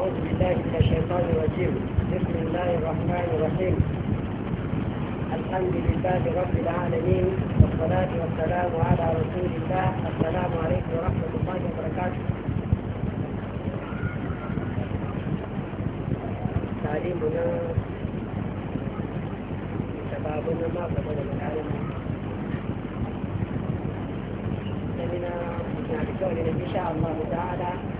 أعوذ بالله من الشيطان الرجيم بسم الله الرحمن الرحيم الحمد لله رب العالمين والصلاة والسلام على رسول الله السلام عليكم ورحمة الله وبركاته تعليمنا شبابنا ما قبل العالم لمنا نعرفون إن شاء الله تعالى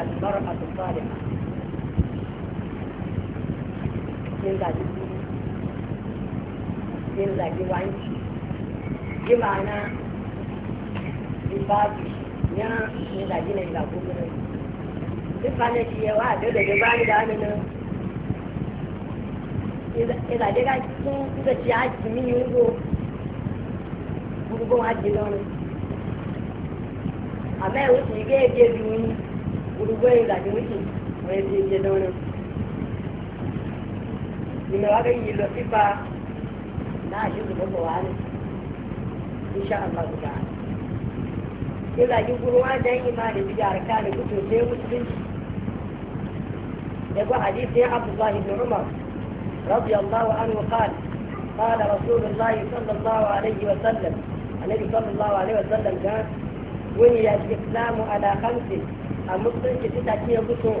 المرأة الصالحة إلا إلا جوانش بمعنى ìbáàbì ní ìdajì náà ìgbà gbogbo náà nípa náà ti yẹ wá àdéhùn bá ní dáhùn náà ìdajì ká tún nígbà tí a jì mí ní wúwo gbogbo wọn á jì lọ́rùn àmọ́ ẹ̀rọ sì gé èdè dùn yín. uruguay da ke wuce mai je da wani ina wa yi lafifa na shi zuba ba wani insha Allah ku ta'ala ke da ki gurwa da yi ma da bijar ka da kuto sai musulunci يقول حديث عبد الله بن عمر رضي الله عنه قال قال رسول الله صلى الله عليه وسلم النبي صلى الله عليه وسلم قال بني الإسلام على خمس a musulunci su ta ke mutu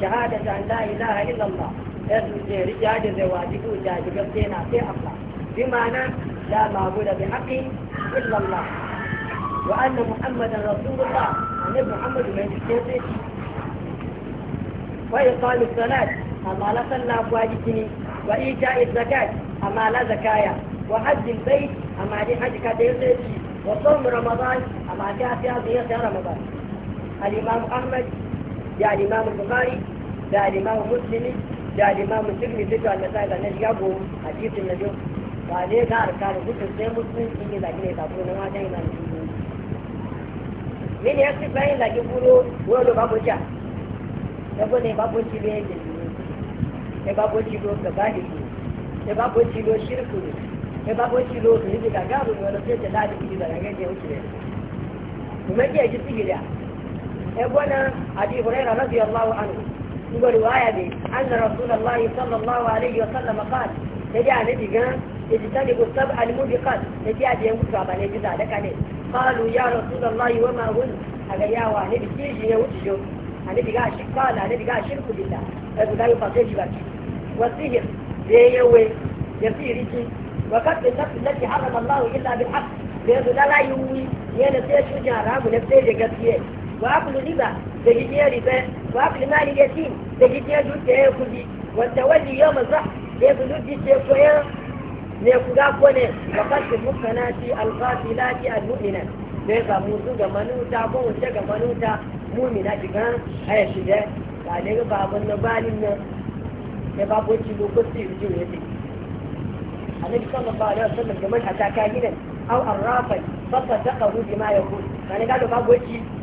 shahada da la ilaha illallah ya su rija da zai wajibu da jigar tena sai Allah bi ma'ana la ma'abu da bi haƙi illallah wa anna muhammadan rasulullah a ne muhammadu mai jikin sai shi wai salu salat amma la sallah kuwa jikini wa ija izakat amma la zakaya wa hajjin bai amma dai hajji ka da ya sai shi wa tsawon amma ta fiya zai ya sai الإمام أحمد دا الإمام البخاري دا الإمام مسلم دا الإمام الترمذي ذكر المسائل التي جابوا حديث النبي قال ga arkanin hukun sai musulunci ne zaki ne zaɓo na mata yana da ne ne ya ci bayan zaki kuro wani babu ja yabo ne babu ci ne da shi ne babu ci do ka ba ne babu ci do shirku ne ne babu ci gabu ne wani sai ta da da shi da rage ya wuce ne kuma ke ji sigiriya ابونا إيه ابي هريره رضي الله عنه يقول روايه ان رسول الله صلى الله عليه وسلم قال تجا نبي قال اجتنبوا السبع الموبقات تجا جيم كتابا نجزا لك عليه قالوا يا رسول الله وما هن هذا يا واحد تيجي يوتشو النبي قال شرك قال النبي قال شرك بالله ابو قال يفضل جبك والسهر بيوي يسيرتي وقتل النفس التي حرم الله الا بالحق لانه لا لا يوي يانا تيجي جارام ونفسي جاكتيه وأكل الربا دجيتيا ربا وأكل مال اليتيم دجيتيا جوتا يكودي والتولي يوم الزحف يكودي جيتيا كويا نيكودا كوني وقتل المحصنات الغافلات المؤمنات da ya samu su ga manuta ko wace ga manuta mumina shiga haya shiga ba ne ga baban na balin nan ya ba ko cibo su yi jiwo ya ce sallallahu alaihi wasallam da man hata gidan aw arrafa fa bima yaqul kana ga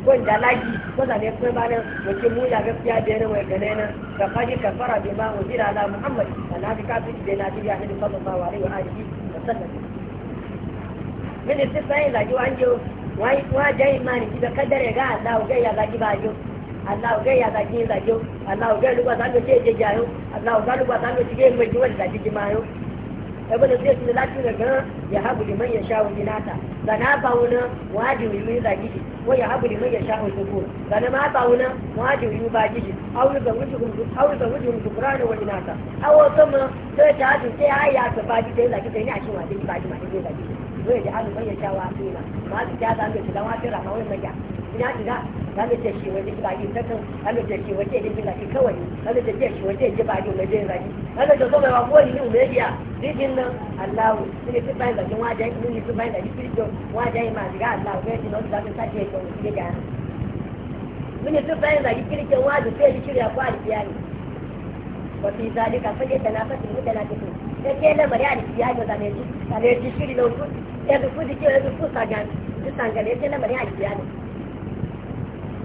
ko da lagi ko da ne ko ba ne wace mu ya gaskiya da ne mai gane na ka faji ka fara bi ma mu jira ala muhammad ana bi ka fi da nabi ya hadi sallallahu alaihi wa alihi wa sallam min sai sai da ji an jo wai wa dai mani da kadare ga Allah ga ya zaki ba jo Allah ga ya zaki da jo Allah ga luba zan ce je jayo Allah ga luba zan ce je mai ji wanda ji mayo ibn zai ci lati da ga ya habu liman ya sha wani lata da na ba wani wajibi mai da gidi ko ya habu liman ya sha wani zuku da na ma ba wani wajibi mai ba gidi aw da wuji kun aw da wuji kun qur'ani sama sai ta sai ya ta ba ta yi, ne a cikin ba ma ne zai ji alu mai yasha wa asina ma su ja za mu ci dan wata rama wai maja ina ina za mu ce shi waje ba yi takan za mu ce shi waje ne bila ki kawai za mu ce shi waje ji ba yi mai dai zaki za mu ce so mai wa ko ni mu ya dijin nan Allahu ne ki bayin da kin waje ni ni ki bayin da ki kirjo waje ma diga Allahu ne ki non za mu sace ko ki ga mun yi tufayin da ki kirkin waje sai ki shirya ko alfiyani wa fi zalika fage da na fasin da na Tekele Mariani Kiago Danesi, Danesi Shiri no Fu, Edu Fu de Kiago Fu Sagan, de Sagan, Tekele Mariani Kiago.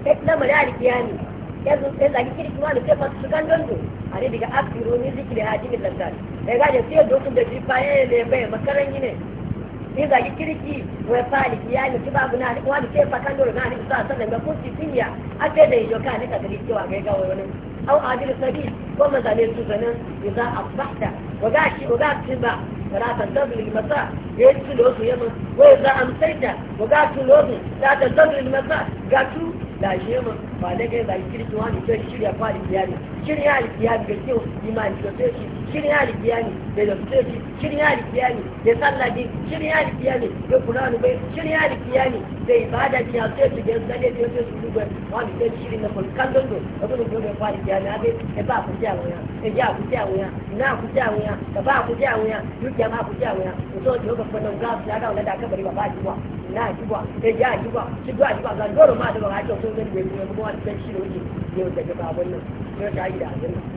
Tekele Mariani Kiago, Edu Tenda Kiri Kimani Pepa Sugandondo, Ali diga Akiru ni zikile haji ni Tanzan. Ega je sio doku de jipae le be makaran yine. Ni da Kiri ki we pali Kiago kiba guna ni kwa de Pepa Kandoro na ni sa sa da ko tinya, ate de yoka ni kadri kiwa ga ga wani. أو عابر السبيل وما زالت سنة إذا أصبحت وقعت وقعت سبع فلا تنتظر المساء يدخل وقت يمن وإذا أمسيت وقاعد الوقت لا تنتظر المساء قاعد لا شيء يمن فعليك إذا يشتري سواني شيء شيء يفعل الكيامي شيء يعلم الكيامي إيمان شيء shirin ya rikiya ne da lafitoci shirin ya rikiya ne da sallaji shirin ya rikiya ne da kuranu bai shirin ya rikiya ne da ibada ce a sai su sanye da yake su dubai wani sai shirin na kwalikan dondo da kuma kuma bai fara rikiya ne abe ya ba ku ja wuya ya ja ku ja wuya na ku ja wuya ka ba ku ja wuya dukiya ma ku ja wuya ku so ji hukun kwanan ga ya ga wani da aka bari ba ba ji ba na ji ba ya ja ji ba shi ba ji ba ga doro ma da ba ka ce sun gani bai kuma wani sai shirin wuce yau da ga babun nan yau ta yi da abin nan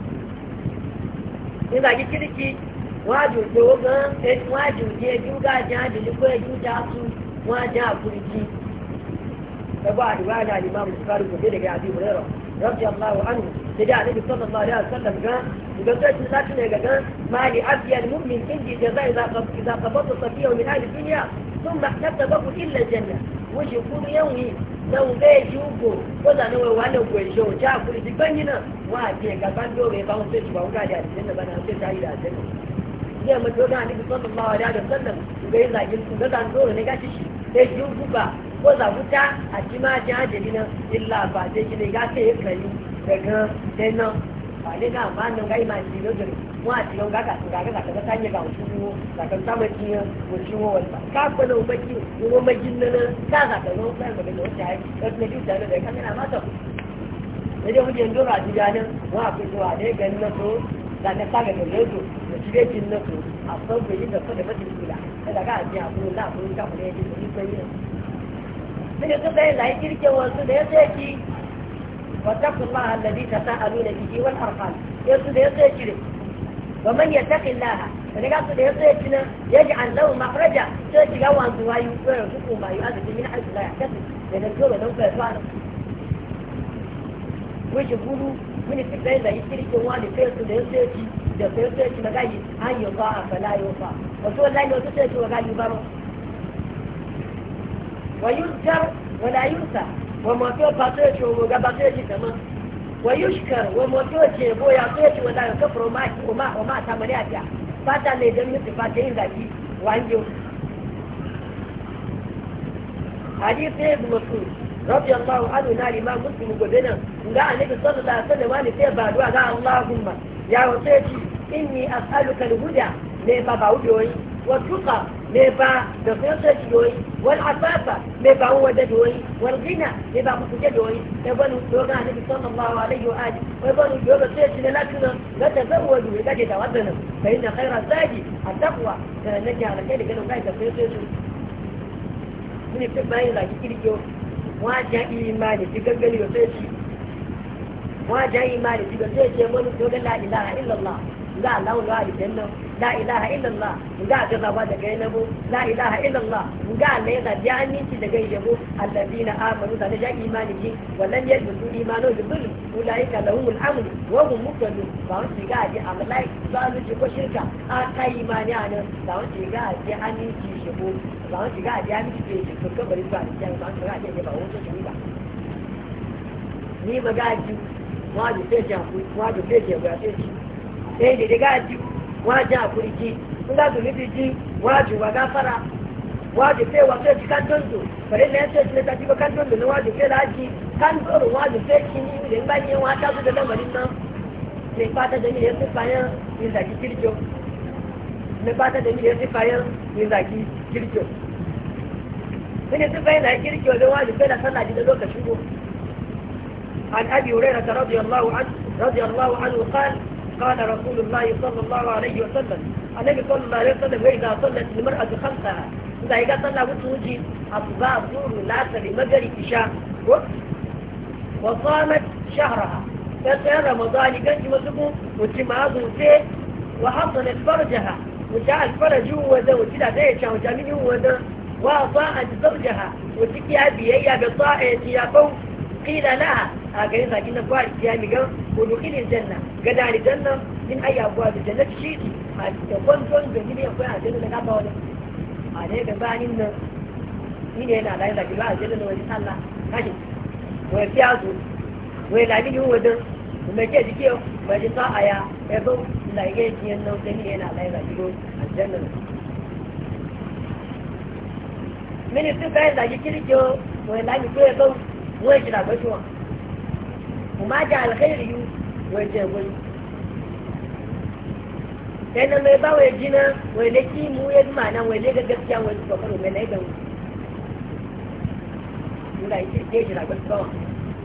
nígbà tí kíríkì wọ́n á dùn pé ó gan wọ́n á dùn ní ẹjú gáàjì á dùn ní pé ẹjú já tú wọ́n á já àkúrìkì. ẹgbẹ́ àdìgbà àdá àdìgbà mùsùlùmí kò délé gàdí ìmúrẹ́rọ̀ rọ́bì aláwọ̀ ánù dédé àdébì sọ́nà lọ́rẹ́ àṣọ́nà gan ìgbésẹ̀ ti láti nà gàgán máa ní àfihàn múmi kéjì ìjẹ̀dá ìdàkọ̀bọ̀tò sọ̀fíà òmìnira ìdíyà tó ń wuce kuma yawon na ube jugo ko da nawa wani gwaje wuce a kuri ti ban yana wa ke gaban dore ba wuce shi ba wuka da asirin da bana wuce ta yi da asirin ne mu dole a nufi sallan ma wada da sallan ga yi zagin su gaza dore ne gashi shi da jugo ba ne ga ba nan gai ma ji lo jere mu a lo ga ka ga ga ka ta nya ga su mu ga ka ta ma ji mu ji wo wa ka ko lo ba ji wo ma ji na na ka ga ka lo ba ga lo ta ai ne ji ta da ka na ma to ne da mu je ndo ra ji ga nan wa ku to a ga na to da ka ta ga lo do da ji ga ji na to a so ga yi da fa da ba ji kula kada ga ji a ku la ku ka ku ne ji ni ko yi ne ne ka dai lai kirke wasu da ya sai ki واتقوا الله الذي تساءلون به والأرحام يسود يسير ومن يتق الله فنقصد يسير يجعل له مخرجا سيجي قوان سوايو ويرزقه ما يؤذي من حيث لا يحتسب لأن الجوع لو فيفعله ويجبونه من الفكرين لا يشتري جوان فيسود يسير da sai sai ci magayi an yi ba a fala yi ba wasu wallahi ne wasu sai ci magayi ba ba wa yuzar wọ́n tí ó pàṣẹ́jì òun ọ̀gá pàṣẹ́jì tẹ̀mọ́ wọ́n yóò ṣìkẹ̀ wọ́n tí ó jẹ ìbò ya tó èjì wọn dáyọ̀ kẹ́fọ̀rọ̀ ọmọ àtàmọ́lé àjà pátá lè dẹ́nu ti pàṣẹ ìdàjì wà ń jẹun. àdìsí ìgbìmọ̀tò rọ́bì ọ̀gá àlù náà lè máa mùsùlùmí gbòdé náà ǹgá àlejò sọ́dọ̀ dáa sọ́dọ̀ wà ní fẹ́ẹ̀ bàdúrà láàrúnmà yàrá tó èjì ìní àlùkàlù húdà lè bàbá òbí oyin والثقة ميبا دفنسة جدوي والعفافة ميبا هو جدوي والغنى ميبا مكوجة جدوي يبنوا جوغا النبي صلى الله عليه وآله ويبنوا جوغا سيسنا لكنا تزوجوا لكي تودنا فإن خير الزاجي التقوى نجي على كيلي كانوا معي دفنسة جدوي من يكتب ما يلا يكيلي جو واجه إيماني تقبل يوسيسي واجه إيماني تقبل يوسيسي يبنوا جوغا لا إله إلا الله لا لا لا لا لا ل la ilaha illallah ga ga zaba daga yanabo la ilaha illallah ga ne da ya aminci daga yabo alladina amanu da ja imani ji wallan ya da lahumul amr wa hum ba ga ji amlai ba su ji ko shirka a kai imani a nan ga ji aminci shi ko ba ga ji aminci ke shi ko kabari ba ji ba ga ji ba shi ba ni ba ga ji sai ji sai ji ba sai ji sai ji waje afirki nga zunubi ji waje wa gafara waje fe wa fe kan dondo bare ne ce ne ta jiba kan dondo ne waje fe laji kan doro waje fe kini ne ba ne wa ta su da lamarin nan ne fata da ne yasu fayan ne zaki kirjo ne fata da ne yasu fayan ne قال رسول الله صلى الله عليه وسلم النبي صلى الله عليه وسلم وإذا صلت المرأة خلفها إذا هي صلى وتوجي أصبع طول العصر مجري في شهر وصامت شهرها فسأل رمضان كنت مسكو وجمعات وفيه وحصلت فرجها وجاء الفرج هو ذا وجاء ذا وجاء من هو ذا وأطاعت زوجها وتكي أبي هي بطاعة يا فوق قيل لها هكذا آه، لكن أبواب الجامعة ودخل الجنة قد على الجنة من أي أبواب الجنة شيء يكون كون جميل يكون على الجنة لا أبواب عليك بان إن من هنا لا يلاقي جلوه الجنة ولا صلى ماشي ويرتي عزو ويلعبين هو ده وما جاء ذكيه ما جاء طاعة ابو لا يجي إيه ينو تمين هنا لا يلاقي جلوه الجنة من السبع لا يجي جو ويلعبين هو ده wọ́n ti làgbẹ́ tí wọ́n kò má jà àlùkẹ́yìn yìí wọ́n ti ẹ̀gbọ́n yìí. ẹnu mi bá wọ́n èjì náà wọ́n èlé kí mú yé bí màá náà wọ́n èlé gẹ́gẹ́ bí àwọn ètò ọ̀kan òmìnira ẹ̀dẹ̀ wọn. nígbà yìí ti dé ìlàgbẹ́ tí wọ́n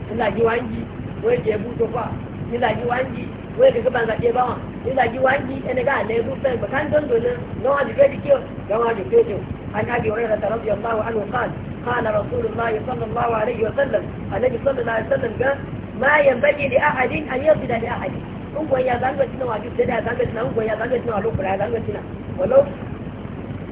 nígbà yìí wọ́n jí wọ́n ti ẹ̀bú tó fà nígbà yìí wọ́n jí wọ́n èkèké bá ń gbàdé bá wọn nígbà yìí wọ́n jí ẹni ká àlẹ́ ẹ̀bú fẹ́ gbọ̀ká ń قال رسول الله صلى الله عليه وسلم النبي صلى الله عليه وسلم قال ما ينبغي لأحد أن يصل لأحد هو يا زنجتنا وجب سيدة زنجتنا هو يا زنجتنا ولو كلا زنجتنا ولو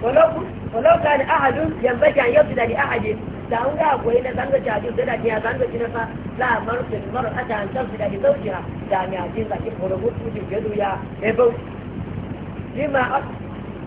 ولو ولو كان أحد ينبغي أن يصل لأحد لأنه أقول إن زنجتنا وجب سيدة يا زنجتنا فلا المرء المرأة أن تصل لزوجها دعني عزيزة كيف هو رموت وجب يا يبوت لما أصل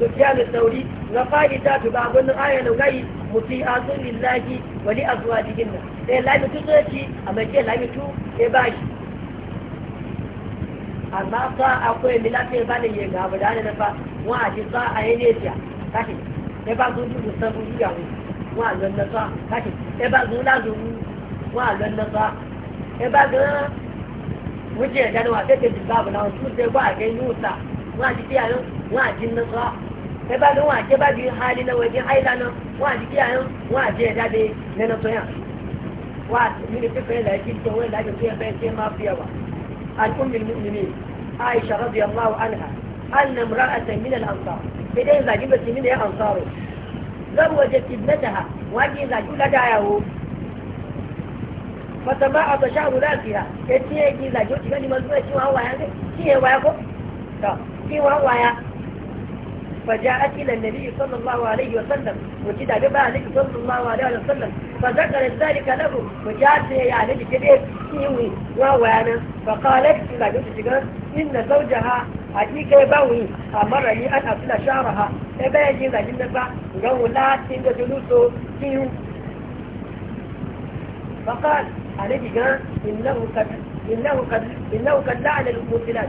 سفيان الثوري نقال ذات بعض آية نغي مطيعات لله ولأزواجهن إيه لا يتوتي أما كي لا يتو إباش أما صا أقوي ملاتي بان يجا بدان نفا واجي صا أينيتيا كاشي إبا زوجي مستمو يجاوي وعلن نصا كاشي إبا زولا زوجي وعلن نصا إبا غن وجه جانوا تكتب باب ناو شو تبغى كي نوصا wọn bí àyàn wọn àti nọsọ ẹ bá lọ wọn àti bá bí hali náà wọn àti àyílá náà wọn àti bí àyàn wọn àti ẹdá bẹ lẹ́nu tó yàn wọn àti mi pípẹ́ ilẹ̀ ẹ̀kí tó wọn ìlàjọ tó yẹ bẹ́ẹ̀ tí ẹ máa fi ẹwà àti ó mìíràn mìíràn aisha rabi allahu anha anna mura ata min al ansar idan zagi ba min ya ansaro zawajat ibnataha waji zagi la dayawo fatama abasharu lafiya ya ce ya ji zagi wata gani mazuwa cewa hawa ya ce ya waya ko وهو فجاءت إلى النبي صلى الله عليه وسلم وكذا ببع النبي صلى الله عليه وسلم فذكرت ذلك له وجاءت يا نبي يعني كبير إيوي ووانا فقالت إلى جوز إن زوجها أتيك يبوي أمرني أن أصل شعرها إباجي إذا جنبا قولات إن جلوسه كيو فقال عليه قال إنه قد إنه قد إنه قد لعن المرسلات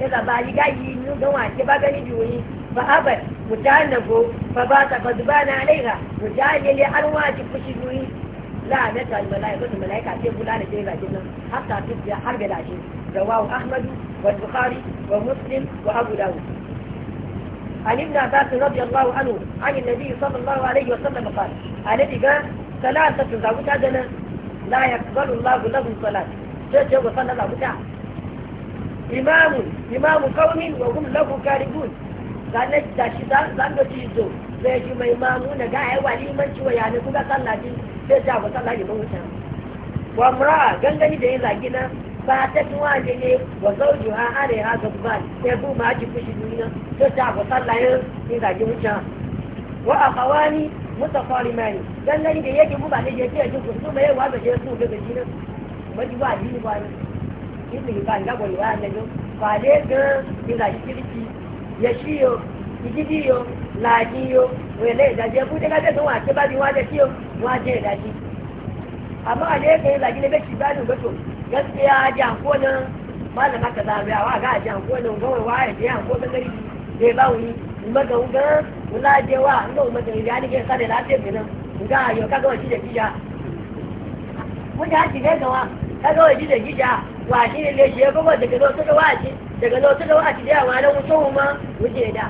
ya zaba yi gaji nu ga wace ba gani juyi fa abar mutanafo fa ba ta fa zubana alaiha mutane le an wace fushi juyi la na ta malaika ta malaika ce kula da jira jinnan hatta tafiya har ga dashi rawahu ahmad wa bukhari wa muslim wa abu dawud عن ابن عباس رضي الله عنه عن النبي صلى الله عليه وسلم قال الذي قال ثلاثة زوجة لا يقبل الله لهم صلاة sai ce wa sallar abuja imamun imamu kaunin wa hum lahu karibun zane da shi zan da shi zo zai shi mai mamu na ga ai wali man ci wa yana kuka sallaji sai ta ba sallaji ban wuta wa mura gangani da yin zagi na ba ta tuwa ne ne wa zauju ha are ha ga ba sai bu ma ji fushi duniya sai ta ba sallaji yin zagi wuta wa akhawani mutaqalimani gangani da yake mu ba ne je ke ji kusuma yayi wa ga je su ga gina ba ji ba ji ba ìdìrí ká nígbàgbọ́ ìwà àjẹjọ́ fàlẹ́ gan ìlà ìkíríkì yẹsí yo ìdídí yo làájí yo òyìnlẹ̀ ìdájí ẹkú dé tó wọn àti bá bí wọn adé kí yo wọn adé ìdájí. àmọ́ àlẹ́ kan ìlàjí lẹ́gbẹ́ ti gbádùn gbẹ́tò gẹ́gẹ́ ajá àǹkó náà má nà má kàtà àwọn àgá ajá àǹkó náà nǹkan wọ̀ wá ẹ̀jẹ̀ àǹkó gẹ́gẹ́ yìí lè bá wọn yìí ìmọ̀gàn gan ńlá jẹ wá ńlá òun mọ̀gàn ìrìn àníkẹ́ sáré láti èkó náà washi ne ne shi ya bugo daga zo suka washi daga zo suka washi da wuce ma wuce da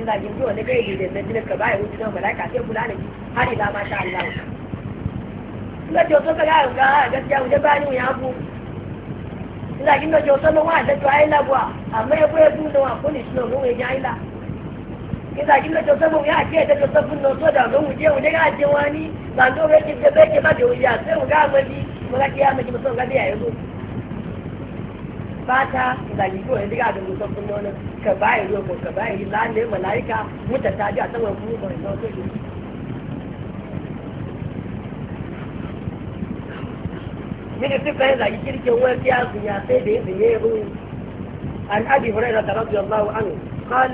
in za ki zuwa na kai da da ka ba ya wuce don malaka sai kula da shi har ila ma sha Allah kuma to so ka ga ga gaskiya mu da bani ya bu ila kin da to so wa da to ai amma ya ko ya du da wa ko ni shi no ya ai la kin da to so mu ya ke da no da mu je wani ba do ke da ke ba da wuya sai mu ga mu ji mu ga kiyama ki mu so ga bata zagi ko yadda ga da musan kunnonin ka bayi roko ka bayi lalle malaika muta ta ji a saman kuma ba ya zo shi mini su kan zagi kirkin wani fiya su ya sai da yin ne ruwa an abi hurairah radiyallahu anhu قال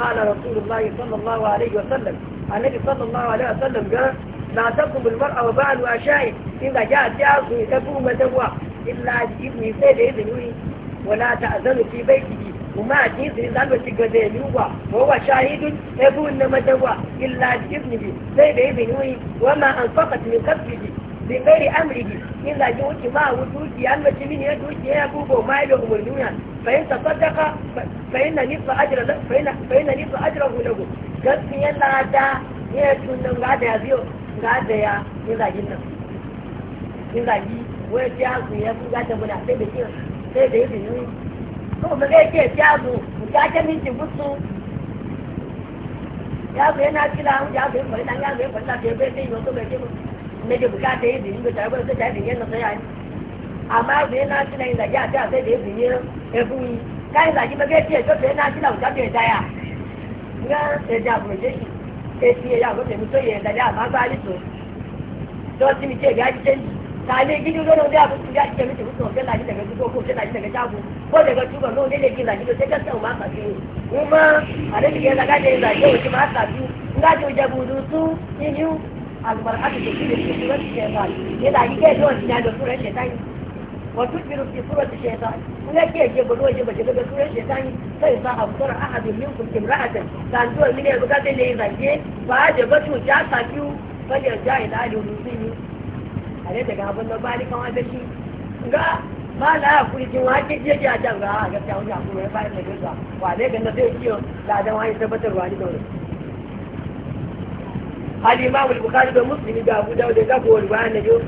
قال رسول الله صلى الله عليه وسلم النبي صلى الله عليه وسلم قال لا تقم المرأة وبعل وأشائه إذا جاءت جاءت يتبوه مدوى إلا إذن سيد إذن ولا تأذن في بيته وما جيز رزال وتقدين يوبا وهو شاهد يبو إنما دوا إلا جبنه زي بإذنه وما أنفقت من قبله بغير أمره إلا جوتي ما وجودي أما تمين يدوتي يا بوبا وما له مليون فإن تصدق فإن نصف أجر فإن فإن نصف أجره له قسم يلا عدا هي تنم غادا يا زيو يا إلا جنة إلا جي ويجي أنكم يا بوبا غادا منا سيبتين sai da ibn yi to ga ga ce jago mutaje min ti gutu ya ga yana kila an ya ga mai dan ya ga ban da ke bai sai yau to ga ke ne da buka da ibn yi da ba sai da yana sai ai amma ga yana kila inda ya ta sai da ibn yi e bu yi kai da ji ba ga ce to sai na kila uta da daya ya e da tare gidi gano da abin su gashi kemi tafi tsohon laji daga zuko ko ta laji daga jago ko daga tuba ko ne ne ki laji da sai kasa ma ka biyu kuma a da ke zaga da yin zage wuce ma ka nga ji wuce budu su yin yi albar are daga abin da ba ni kama da shi ga ba la hakuri kin wa ke je ya jan ga ga ta wani hakuri ba ni da ga wa ne ga na sai kiyo da dan wani tabbatar wani da wani al imam al bukhari da muslim da abu dawud da ko wani ne yo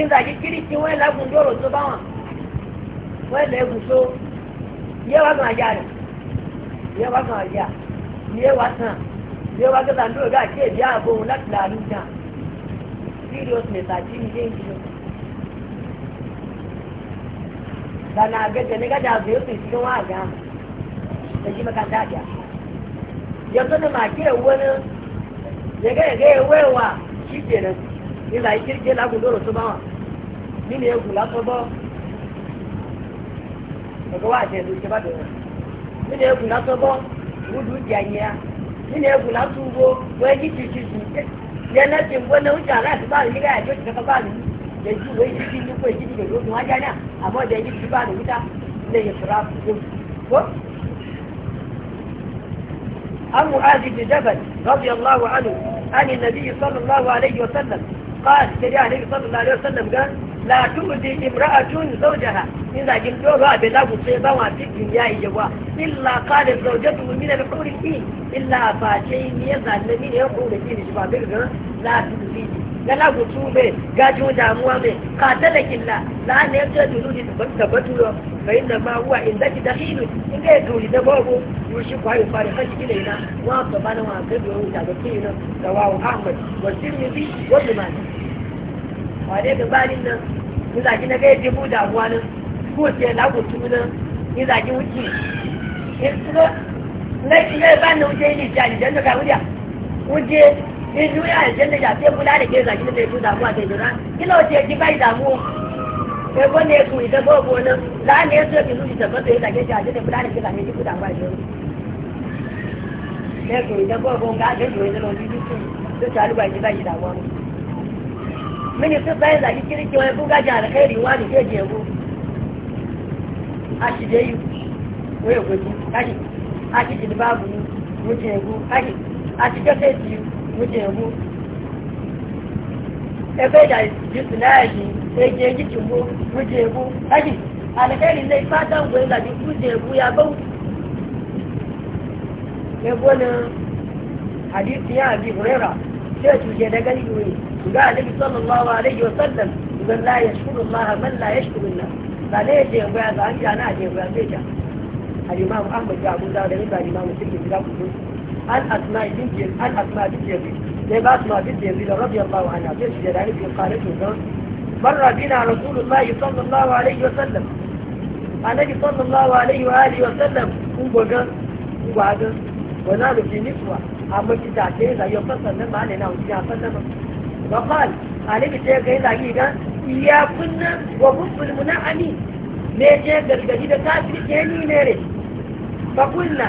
in da ki kiri kin wai la gun doro to ba wa wai le gun so ye wa ga ja ye wa ga ja ye wa san ye wa ga dan do ga ke biya bo la la ni ta seriousness a na na gaja zai yi cikin ga da shi makanta ta na yẹn náà ti ń gbọ́ náà ń ṣe aláàtì báàlù nígbà yàtọ̀ ti kẹfà báàlù yẹn ju ìwé yìí ti ní kó èyí nìyẹn lóògùn wájà náà àmọ́ ọ̀dẹ̀ yìí ti báàlù wíta lè yẹ fura fún un. عن معاذ بن جبل رضي الله عنه عن النبي قال جاء عليه صلى الله عليه وسلم قال لا تؤذي امرأة زوجها إذا قلت له أبي لا مصيبة وفي الدنيا يجوا إلا قالت زوجته من الحور الدين إلا فاشين يزعل من يقول الدين شباب لا تؤذي gala gutu mai gajo damuwa mai katalar killa la'an ya ce dunu da tabbatu فإن ما هو إن ذاك دخيل إن جاءت ولد بابه يشوف هاي الفارقة إلينا واقف أنا وأنقذ وهو تعبتينا رواه أحمد والترمذي وابن ماجه وعليك بالنا إذا كنا جاي جيبوا دعوانا قوت يا لابو تونا إذا جي وجي إذا لكن لا يبان وجي لي جاني جنة كاوليا وجي إنه يا جنة يا تيبوا لا لكي إذا كنا جاي جيبوا دعوانا كلا وجي جيبوا دعوانا sai wanda ya kuri ta babu wani la'ani ya soke zuci ta fasa ya tage shi a jikin fulani ke zane jikuta ba shi ya kuri ta babu ga ta shi wani lalata jiki su ta alubar shi ba shi damuwa ne mini su bayan zaki kirki wani buga jihar alkhairi wani ke jego a shi da eje jichimbo mujebu hadi alakali zai fata gwenda ji mujebu ya bau ya gwana hadisi ya abi hurera sai tuje da gani ne ga annabi sallallahu alaihi wa sallam idan la yashkuru Allah man la yashkuru Allah ba ne je gwaya ga an jana je gwaya sai ta al-imam Ahmad da Abu Dawud da al-imam Muslim da ku an asma bin an asma bin Yazid sai ba asma bin Yazid radiyallahu anha sai tuje da ni qalat to مر بنا رسول الله صلى الله عليه وسلم النبي صلى الله عليه وآله وسلم وبقى وبعد ونال في نسوة أما كتا كيدا يفصل لما علينا وكتا فسلم وقال عليك شيء كيدا إيا كنا وقف المنعمين ليه شيء قلقلي ده كافر كيني نيري فقلنا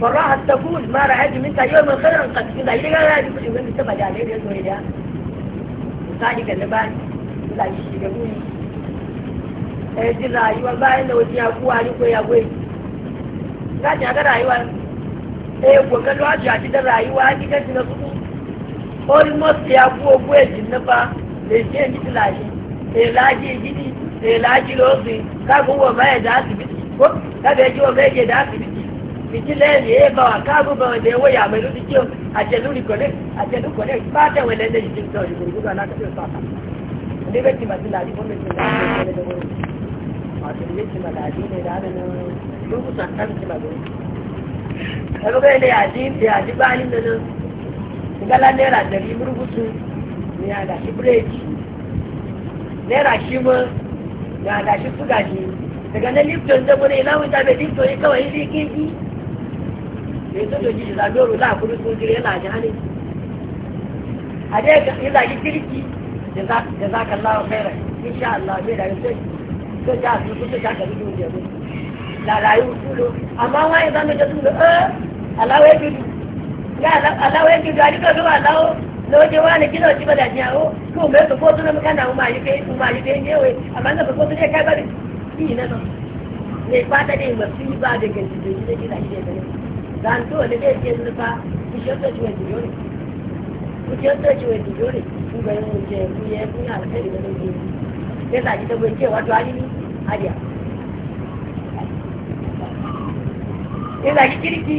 فالراحة تفوز ما رأيت منك يوما خيرا قد كنت أجري قال راجب شو قلت تبقى عليه ليس ويدا وصادق اللبان لا يشتغلوني ẹ̀ẹ́dì ràyíwá báyìí lọ sí akú àríkò ìyàwó èyí láti àgá ràyíwá egbò kẹlú àjò àtijọ́ ràyíwá kíkẹ́ sí lọ kúkú ó rí mọ́sí akú ogún èjì nípa lè ṣe èyí ti làyè èèlájì ìdídì èèlájì lóògbé káàkó wọ̀ bá ẹ̀dá àsìbìtì kó lábẹ́ ẹjọ́ ọ̀bẹ ẹ̀jẹ̀ dàbí fìtílẹ̀ ní ẹ bá wà káàbù bá wọn lè wọ ìyàwó ìlú ti jẹun àjẹlú rìkọ̀lẹ́ àjẹlú kọ̀lẹ́ bá tẹ̀wọ̀n lẹ́lẹ́ yìí ti sọ ìgbòho gbogbo alákàtà ìfọ̀ àkà níbẹ̀ tí làdí fún mi tí màtí làdí fún mi àti níbẹ̀ tí làdí ní ìdáná ní lókùn sàkánì tí màtí ẹgbẹ́ bẹ́ẹ̀ àdí ti àdí bá yín nínú ìgbàlá náírà tẹ̀lé burúkutu ní àdàsí bírèkì náírà sí ní àdàsí fúgàdì ìgbàlá líptọ̀ ń dẹ́gbọ́n ní ìlànà ìjàmbá líptọ̀ yìí káwọn yìí ètòtò jìjì làdóòrò láàkúrú tó jìrì ẹ̀ làjá ní. Adéka ìlà yìí kíríkì jẹ́sàkàlá ọ̀fẹ́rẹ̀ níṣẹ́ àlọ́ àgbéra ẹ̀ṣẹ́ tó já àti tó já kẹ̀lú ní oúnjẹ mi. Làrá yóò kú lo, àmọ́ wọ́n yẹn sáńdọ̀ jẹ́sùn lọ, ẹ́ aláwọ̀ èdùdù. Yá aláwọ̀ èdùdù àdúgbò tó wà láwọ̀ lóde wá ní kílọ̀ tí bàdà jìyà ó kí òun mẹ́fẹ̀ fóòtún náà kánà òun máa yí pé òun máa yí pé ní ewé àbáńdà fẹ́ fóòtún ní ẹ̀ká ìbàdàn yìí náà. Ní ipá tẹ́lẹ̀ ìmọ̀ sí zanto wani zai ce su fa ku shanta shi wai tijo ne ku shanta shi wai tijo ne ku ga yin wuce ku yi kun yi alkhairi da nan ke ya sa ki tabbai ce wato hali ni hadiya ya sa ki kirki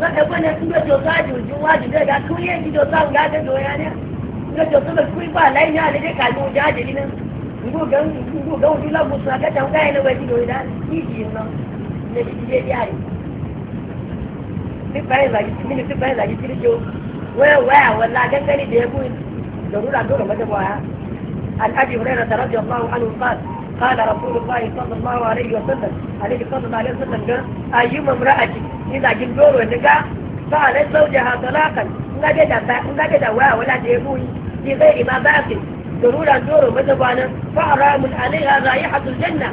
wanda kwane sun ga josa jirgin wajen da ga kun yi josa ga ga doya ne ga josa ba kun ba lai ya da ka mu jaje pípa ìlàjì mí ni pípa ìlàjì kiri jo wẹ́wẹ́ àwọn làgẹ́gẹ́ ni dẹ́kun ضرورة دور ما تبغى عن أبي هريرة رضي الله عنه قال قال رسول الله صلى الله عليه وسلم عليه صلى الله عليه وسلم قال أيما امرأة إذا جندور ونقع فعلت زوجها طلاقا نجد وا ولا تيبوي في غير ما باقي ضرورة دور ما فحرام عليها رائحة الجنة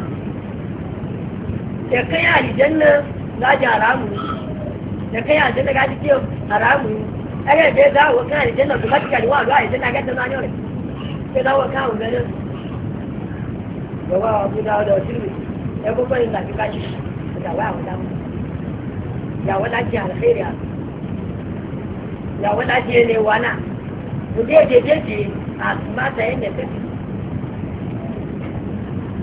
يقيا الجنة لا جرام da kai a jana gaji ke haramu ɗaya da za wa kan da jana kuma cikin wa zuwa jana ga zama ne ke za wa kan wa ganin da wa wa guda da wasu ne ya kuma yin zafi kashi da wa wa damu ya wala ji alkhairi ya wala ji ne wana mu je je je a mata yanda take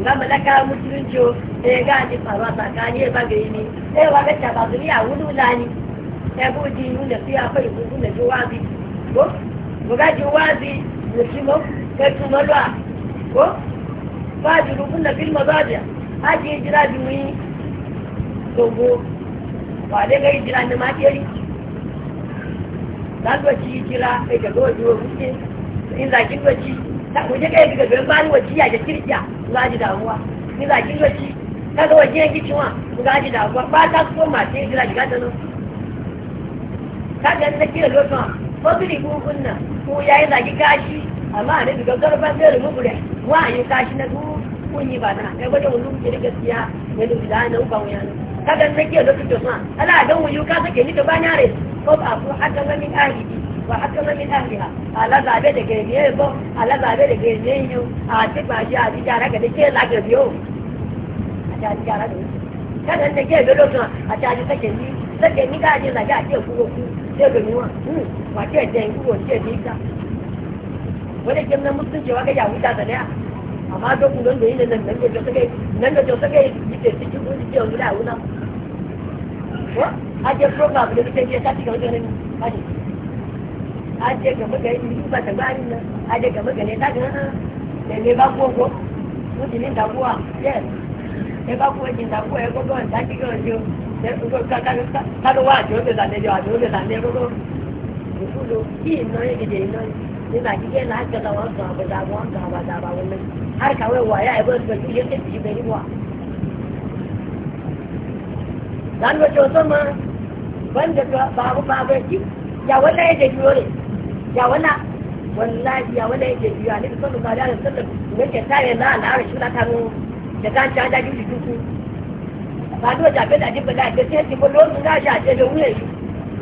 nga malaka musulunci e eh, ga ni faruwa eh, tsakani e ba ga yi ne e ba ga ta ba zuri a wuri wulani e bu ji yi da fiya fa yi kuku na ji wazi ko ko ga ji wazi da shi mo ka tu malwa ko ba ji rukun na fil mazaja a ji jira bi mu yi dogo ba dai ga jira ne ma ke yi dan ba ci jira e ga go ji wo kuke in za ki ba ci ta ku je ga e ga ba ni wa ci ya ga kirkiya ga ji damuwa ni za ki ta ga waje yanki ku ga ji damuwa ba ta so ma sai jira ji gata nan kaga na kira lokacin k'u kunna, ko yayi zagi kashi amma ne daga garban da mu gure wa yi kashi na ku kunyi ba na kai gwada wani ke da gaskiya ne da da na uba wuya kaga na kira lokacin ma ala ga wuyu ka sake ni da banyare ko ba ku hakan min ahidi وحكم من أهلها على زعبة كينيه بو على زعبة كينيه عاتق ما جاء دي جارة كده كي لا كبيو أشياء دي جارة دي كان أنت كي بلو كان أشياء دي سكني سكني كاجي لجا كي أفوه كو كي بنيوا وكي أدين كو كي ديكا wani kin nan mutum cewa ga yahu ta tsada amma ga kun don da yin nan nan da suka nan da suka yi ke cikin kun ce wani yahu nan ko a je program da kike ta cikin wani ne aje gaba gari ni ba ta gari nan aje gaba gari ta ga da ne ba ko ko mutumin da kuwa yes ne ba ko jin da ko ya ko don ta ki ko jo ne ko ka ka ka ka wa jo da ne jo jo da ne ko ko kulo ki no ye de no ne ba ki ke na ka da wa ka ba da wa ka ba da ba wannan har ka wai waya ai ba ba ki ye ki be ni wa dan wa jo sama banda ba ba ba ki ya wannan ya de jo ne ya wala wallahi ya wala yake biya ne sun da da sun da yake tare na na rashin la kanu da kan ta da gidi tuku ba do da bada jibba da ke sai ko don mun ga sha da wuya shi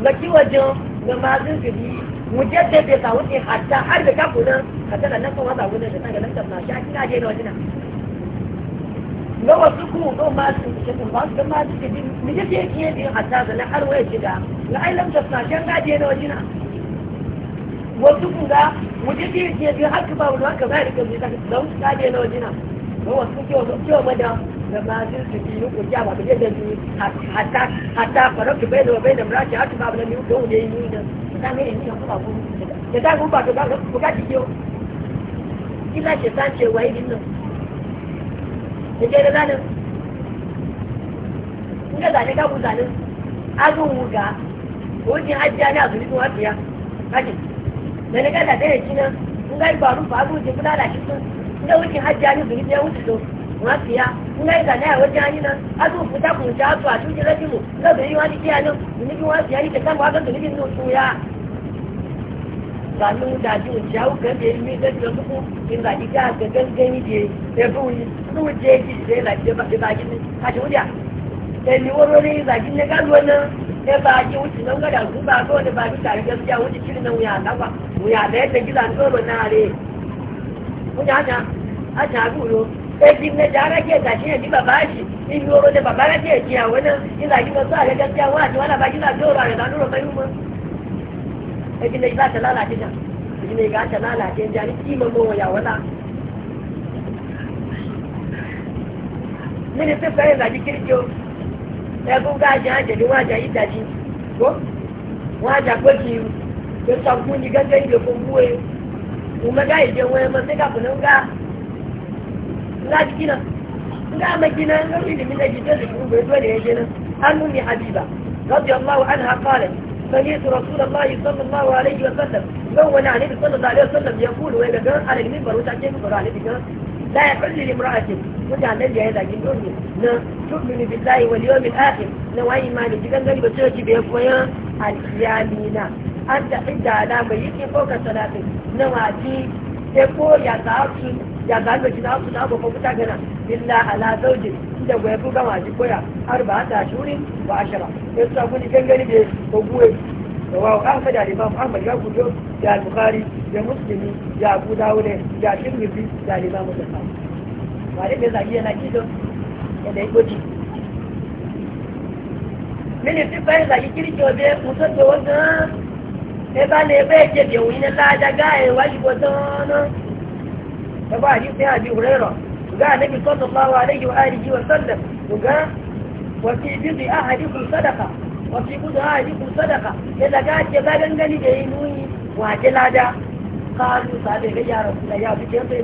ga kiwa jo ga mazin gidi mujadda da ka wuce hatta har da kafu nan ka tana nan kuma ba gudan da tanga nan na shi, kina je da wajina ga wasu ku ga masu shekin ba su masu gidi mujadda yake yin hatta da har waya shiga ga ai lamta sashen gaje da wasu kunga wajen biyu ke biyu haka ba wani haka za a rika zai kaka don su na wajina ko wasu kewa da kewa ma da ma zai su biyu ko kya ba ta yadda biyu hatta hatta bai da bai da murashi haka ba wani biyu don wani yi da ta ne yanzu yanzu ba kuma da ta kuma ba ta ku ka cike kila ce ta ce wa yi nan da ke da zanen in zane ka ku zanen azun wuga ko jin hajjiya ne a zuri tun hafiya 奶奶干啥？第二天呢？你干一把撸，一就不打算去弄。你看我已经还交你自己交五十我说对呀。你干奶呢？我交你呢。他给我加工资啊，就现在就那边有俺的钱呢。你们给我钱，你给他刮他自己的东西呀。那弄下去，下午跟别人没跟同事过。现在你干，跟跟以前也不一样。我接起谁来就把谁拉进他兄弟。ẹni wọ́n lórí ìgbàjí ní kálùwẹ̀ náà ẹba ajé wọ́n ti lọ gbọ́dọ̀ fún bá gbọ́ ní bàbí tàrí gẹ́gẹ́ bí àwọn kiri náà wọ́n yà lápá wọ́n yà bẹ́ẹ̀ náà rè àbúrò ẹbí arájẹ ẹbí bàbá àjì ìlú ní bàbá arájẹ ìjì àwọn náà lọ sọ sí àwọn àrẹ̀ mẹ́rin mọ́ kiri ẹkún gáàjà àjẹ̀dí wọ́n àjà yìí dàjí kó wọ́n àjà pé kì í ṣe sọ fún yìí gẹ́gẹ́ yìí kò wú e wò mẹ́gà ìdè wọn ẹ̀ mọ́ sí kàpọ̀ ní nga nga jìnnà nga mẹ́jìnnà lórí ìdìmí náà jìnnà lè fún gbé tó lè jìnnà anú ni habiba lọ́dí ọláwọ̀ àná àkọọ́lẹ̀ سمعت رسول الله صلى الله عليه وسلم لو ولا النبي صلى الله عليه لا يحل لامرأة متى الذي هذا جنون نا تؤمن بالله واليوم الآخر نوعي ما نتكلم غني بسيرتي بيفويا الخيالينا أنت حتى على بيتي فوق صلاة نواتي تقول يا تعطي ya ga albashi na su na babban kuta gana illa ala zaujin inda gwaya buga masu koya arba ta shuri ba ashara ya sa kudi gangani da koguwe rawahu ahmad da imam ahmad ya gudu da bukhari da muslimi da abu dawud da tirmidhi da imam bukhari wale da zagi yana kido da ya goji mini ti fẹ́ zagi kiriki ọdẹ muso tó wọn gan ẹ bá ní ẹgbẹ́ ìjẹ̀bi òun iná ládàgá ẹ̀ wáyé bọ́ tán ẹ bá àdìsí àbí òrẹ́rọ̀ ga anabi sallallahu alaihi wa alihi wa sallam ga wa fi bi ahadikum sadaqa wasu kudu da ji ku sadaka ya daga ke ba gani da yi nuni ke lada kalu sabe ga yara da ya fice sai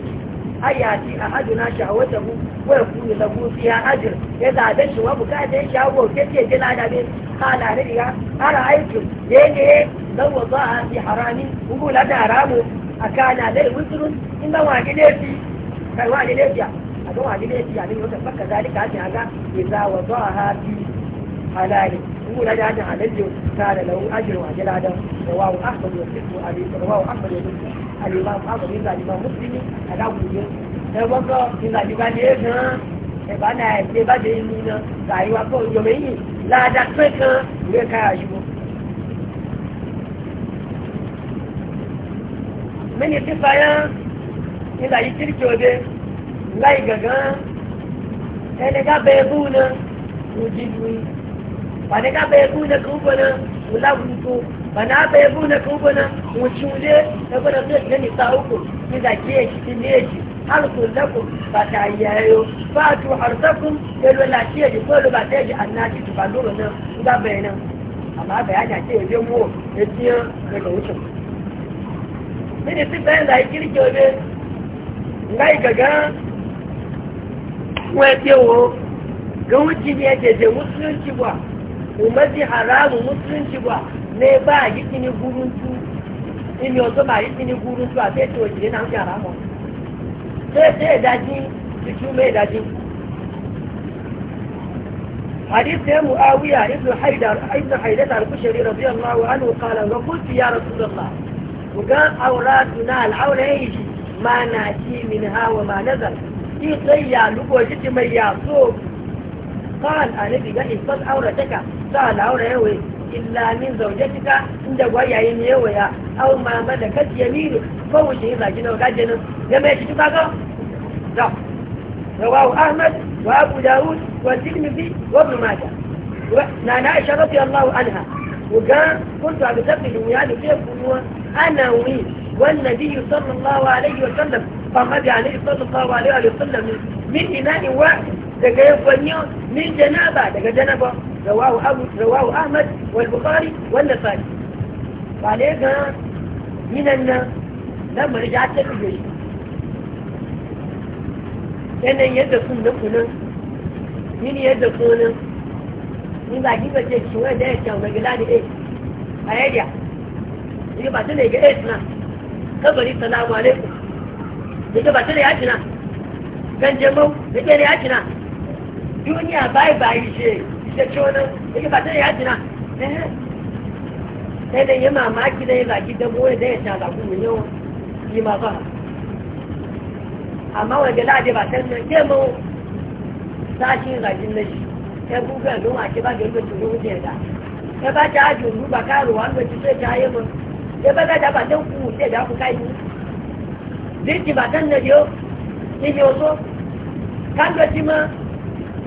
ci ayati a wata bu wa ya lahu da gusi ya ya zaɓe shi wa bukata ya shawo ke ce ke lada be kala ne ya ara aiki ne ne dan wa za fi harami ku la da haramu akana dai in inda waje ne fi kai waje ne fi a ga waje ne fi a ne wata fakka zalika ga idza wa za fi halali يكون لك عليه كان له أجر وجلادا رواه أحمد وصحبه رواه أحمد وصحبه الإمام أحمد إن الإمام مسلم الأول ẹgbọ́gbọ́ ìgbàdìgbàdì ẹ̀sán ẹ̀bánà ẹ̀dẹ́bàdì ìlúna gàíwá kọ́ ìjọmẹ́yìn láàdá pẹ́ kan ìwé káyà ṣubú. mẹ́ni tí fayán nígbà yìí tí kí òde láì gàngán ẹni ká bẹ ẹbú náà kò jí lu ba ne ka bai buna ka ubana wula gudu ba na bai buna ka ubana wucin wule ta gwada zai gani sa uku ni da ke shi ti ne shi harkun lakum ba ta yayo ba tu harsakum ya lola ce ji ko ba ta ji annaci tu ba lura nan ga bai nan amma bai ya ce ya je mu ya tiya daga wucin mini ti bayan da ya kirke obe ngai gaga wai tewo ga wucin ya je je musulunci ba umarci haramun musulunci ba ne ba a yi kini guruntu imi ọ̀tọ́ bá a yi kini guruntu àti ètò òjìlé náà ń fi haramun ṣé ṣé ìdájí tuntun mé ìdájí. حديث معاوية ابن حيدر ابن حيدر البشري رضي الله عنه قال وقلت يا رسول الله وقال أوراتنا العون ما نأتي منها وما نزل في طيّا لقوة جت من يعصوب قال النبي قال احفظ عورتك قال عورة يوي إلا من زوجتك عند ويا يميوي أو ما ملكت يمينك فوش إذا جنا وقاجنا لما يشتك لا رواه أحمد وأبو داود والترمذي وابن ماجه نانا عائشة رضي الله عنها وقال كنت عم بسبب ويعني كيف أنا ومين والنبي صلى الله عليه وسلم فما يعني صلى الله عليه وسلم من إيمان واحد daga yankwanyo min janaba daga janaba rawahu ahmad wal bukhari wal nasai bale ga minan nan nan marija da ta kuje yanayin yadda sun da kunan min yadda kunan ni ba ki ce ki wani da ya na gila da eh a yadda ni ba ta ne ga eh na kabari salamu alaikum ni ba ta ne ya kina kan jemau da ke ne ya kina duniya bai bai ce ita ce wani yake ba ta ya jina sai da ya mamaki da ya zaki da goya da ya sha zaku mu yau yi ma ba amma wanda lade ba san nan ke mu sashi zagin na shi ya buga don a ke ba ga lokacin da wuce da ya ba ta ajo ru ba karo wa lokacin sai ta yi mun ya ba ta ba dan ku sai da ku kai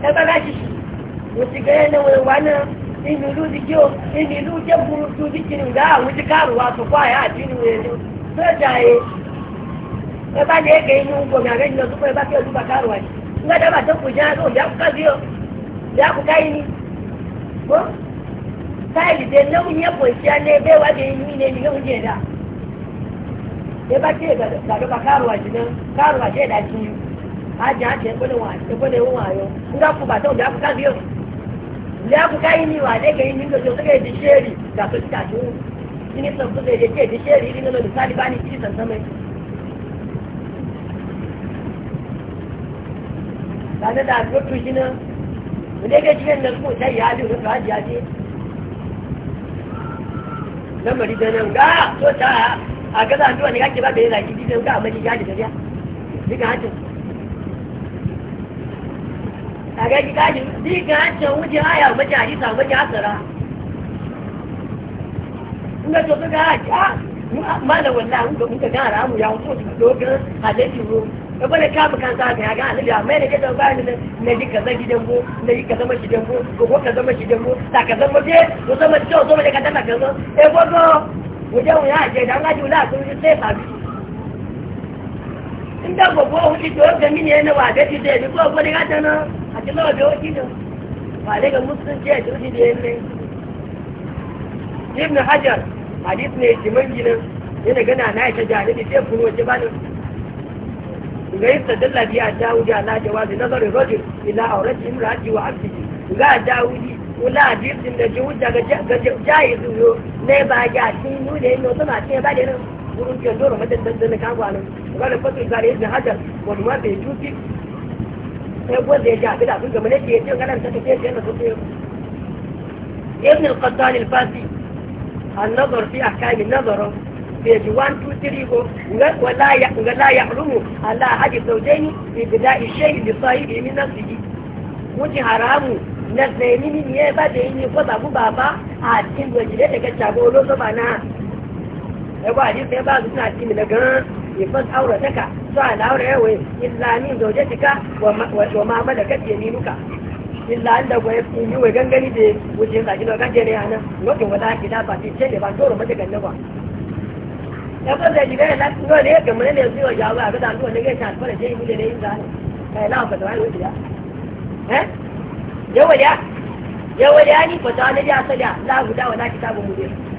ẹgbẹ́ láti ṣì òsìkẹ́ ẹni wọn wá náà inú ìlú ti jẹ́ inú ìlú jẹ́ burúkú ti kiri ìdá àwọn ti káàrù wa sọ̀kọ́ àyà àti inú rẹ̀ ni ẹ bá inú ìlú ọdún fún ẹ bá kí ọdún bá káàrù wa yìí dábàá tó kù jẹ́ sí ọ yìí ni táìlì dé alẹ́ ẹgbẹ́ wa dé inú ilé ni ẹ bá kí ajá àti ẹgbẹ́lẹ̀ wọn àti ẹgbẹ́lẹ̀ wọn àyọ ńgá fún bàtà òbí áfíríkà bí òun ilé áfíríkà yi ni ìwà àdéhùn yìí ní gbèsè òsèké èdè ṣéèrì gàtò títà tó wù kí ní sọ fún èdè kí èdè ṣéèrì yìí nínú ìsáàdì bá ní títí sàǹsán mẹ. tàbí dà tó tu sí náà òdégé jíjẹ ní ẹkún ìṣe ìyá àdé òun tó àjẹ àdé. lọ́mọdé dáná ńgá tó ta àgádà ya ní ká 大概你看你你赶紧，我今天还要回家你找我家子了。我做这个家，我买那个了，我做这个家了，我要做这个家。阿姐，媳妇，我本来看不看上这个家，你要是没那个东呢？那你看上几点钟，那你看上几点钟，看上几点钟，看上几点钟，我怎么叫，怎么你看上哪个钟？哎，我说，我叫我伢姐，人家就拿，就是正常。nígbà gbogbo ohun ti tó gẹ̀mí ni ẹni wà dé dé ẹni kó ní kájọ náà àti náà bí ó jí nù wà dé muslim jẹ́ tó ti di ẹni. ibn hajar hadith ne ti man gina yana gana na ita jari da ke furo ta bani ga yi sadalla biya dawudi ala jawazi nazarin rajul wa abdiji ga dawudi wula hadisin da ji hujja ga jayi zuyo ne ba ga shi nuna yin notuna ce ba ورد جزور حتى تنزلك عوانا وقال الفترة قال إذن هذا والما بيجوتي وزي جاء بلا في الجملة يتيه قال أنت تتيه أنا تتيه ابن القطان الفاسي النظر في أحكام النظر في جوان توتريبو ولا ولا يحرم على أحد الزوجين إبداء الشيء لصاحبه من نفسه وجه حرامه na tsaye mini ne ba da yi ne ko babu baba a cikin gwajire daga shago lo na ya ba ji sai ba su suna ci na gan ifas aure su a laure yawai islamin zauje wa ma malakat yaminuka illa an da kwaye yi wai gangani da wuce yin zaji na kan yana lokacin wata ki da fati ce ne ba toro mata ganna ba ya da jibe na no ne ga mun ne su yo jawo a ga da ne ga ta fara je mu da yin zani kai la ka wani wuce ya eh ya yawa ya ni fata ne ya sada la guda wala kitabu mu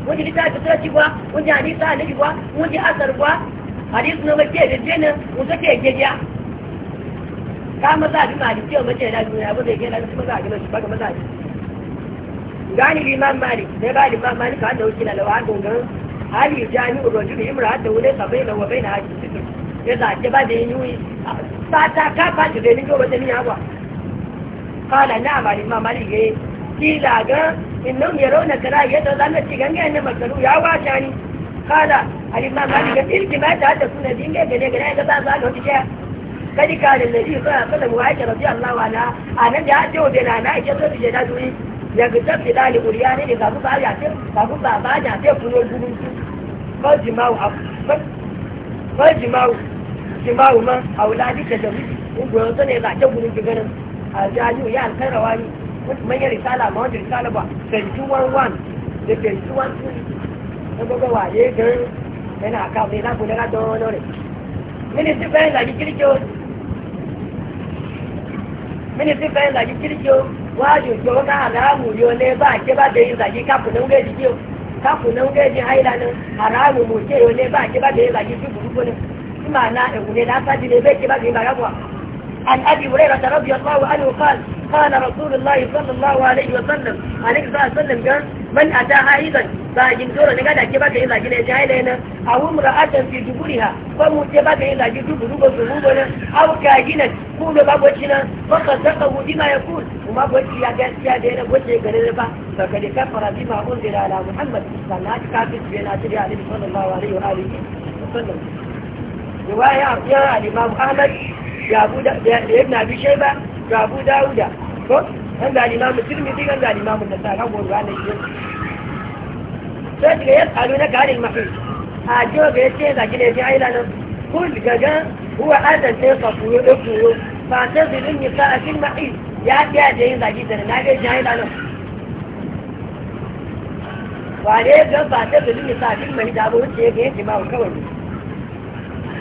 wani littafin sarki ba wani hadisa annabi ba wani asar ba hadisu na mace da jinin wata ke gajiya ka maza bi ma hadisi mace da ya bude gina gajiya maza a gina shi ba ga maza gani liman malik sai ba liman ka wanda wuce na lawa gungan hali jami'u rajulu imra'atu wala sabai wa baina na sitr ya za ke ba da yi sata ka ba da ni ko wata da ni Kala na na'am liman malik kila ga in lam yaro na kana ya da zan ci ganga ne makaru ya wata ni kada ali ma ba diga ta ta sunan dinga gane gane ga ba za ga tike kadi ka da nabi fa sallam wa ya rabbi allah wa la anan da ajo de na na ke to je da duri ya ga ta fi ya ce ba ba ba ya ce ku ne dubin ku ba a ba jimau jimau ma auladi ka da mu ko to ne ba ta gurin gidan a jaju ya alkarawani manyan risala ma wajen risala ba 21 da 21 na gbogbo waye gan yana aka mai na kudura don wani ne ministry kirkiyo ministry bayan kirkiyo wajen na haramu ne ba ke ba haila haramu mu ke ne ba ke ba da yin zagi shi ne na ehune na asadi ne bai ke ba da yin zagi kuwa an abi قال رسول الله صلى الله عليه وسلم عليك صلى الله عليه وسلم قال من أتاها أيضا فاجن دورة نقال أجبك إلا جل جاهلين أو امرأة في دبرها فمجبك إلا جل دبر ذنوبنا أو كاجنة كون بابوشنا فخزقه بما يقول وما بوشي يا جل دينا بوشي قريبا فقد كفر بما أنزل على محمد صلى الله عليه وسلم صلى الله عليه وسلم riwaya a fiye al'imam ahmad da yadda bi shai ba ga abu dawuda ko an ga al'imamu turmiti an ga al'imamu da sa kan gobe wani shi sai daga ya tsaro na garin mafi a jiwa ga ya ce zaki da ya fi aila nan kun gaga huwa adan sai ka kuro da kuro ba ta zirin ya sa a fin mafi ya fiya da yin zaki da na ga shi aila nan wane ga ba ta zirin ya sa a fin mafi da abu wuce ya ga yanki ma kawai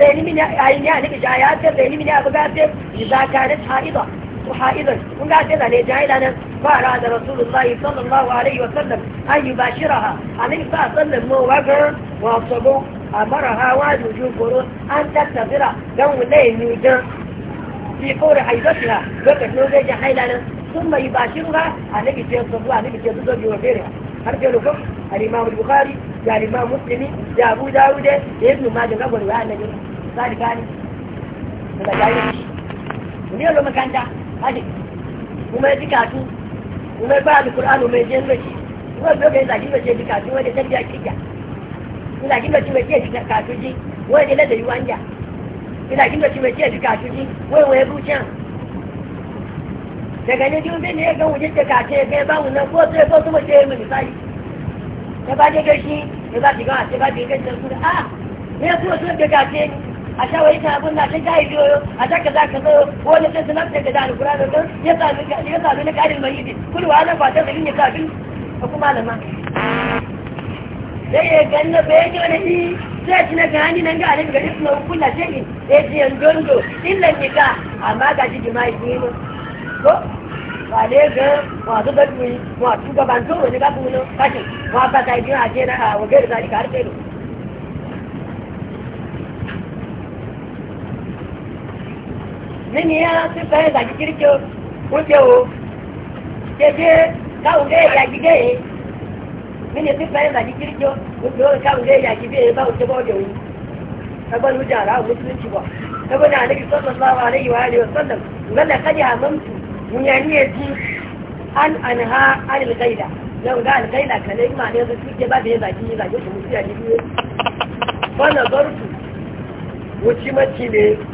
بين من عينها نبي يعني جايات بين من أبغات إذا كانت حائضة وحائضا وقالت لها لجاهل أنا فأراد رسول الله صلى الله عليه وسلم أن يباشرها عليه فأصلم موقع وأصبه أمرها وجوه قرون أن تنتظر دون ليل يوجد في قور حيضتها وقت نوزي جاهل أنا ثم يباشرها عليه تيصبوا عليه تيصبوا بوفيرها هرجع لكم الإمام البخاري جاء الإمام مسلم جاء أبو داود ابن ماجه أول وعلى جنوب za gani daga jari ne yau makanta hadi kuma ya jika su kuma ya fara alkur'anu mai jin bace kuma zo ga zaki bace jika su wanda ta biya kiyya ina kin bace mai kiyya jika su ji wanda da dari wanja ina kin bace mai kiyya jika su ji wai wai bucin daga ne jin bin ne ga wuje ka kace ga ba mun nan ko sai ko kuma ce mu sai? ta ba je gashi ne ba ki ga ta ba je gashi a ne ko so ta kace ni a sha wani ta abin da ta gayi biyoyo a sha ka za ka zo wani sai su lafiya ga dani kura da kan ya sami ya sami na karin mai yi kullu wa ala fatan da ya kafin ko kuma lama sai ya ganna bai ga yi, sai ci na gani nan ga alif ga isma kullu shay'in eh ji an gondo illa ni ka amma ga ji jima'i ne ko wale ga wasu da tuyi wasu gaban tsoro ne ga kuma kashin wa ba ta yi jira a jera a wajen da ka har harfe nínú yẹn ti fẹ́ ìdàgí kirikí ó jẹ o ṣebí káwọn lé ìyàgí dé yìí nínú ti fẹ́ ìdàgí kirikí ó jẹ o káwọn lé ìyàgí dé yìí báwo ṣe bọ́ ọdẹ òun ẹgbẹ́ ló jẹ àrà òun tó ti wà ẹgbẹ́ náà lè fi sọ́dọ̀ sọ́wọ́ àlẹ́ yìí wà á lè sọ́dọ̀ lọ́lẹ̀ àmọ́mùtù ìyẹn ní èdè an anha alìlẹ́gàìdà gá alìlẹ́gàìdà kan lè má lè fi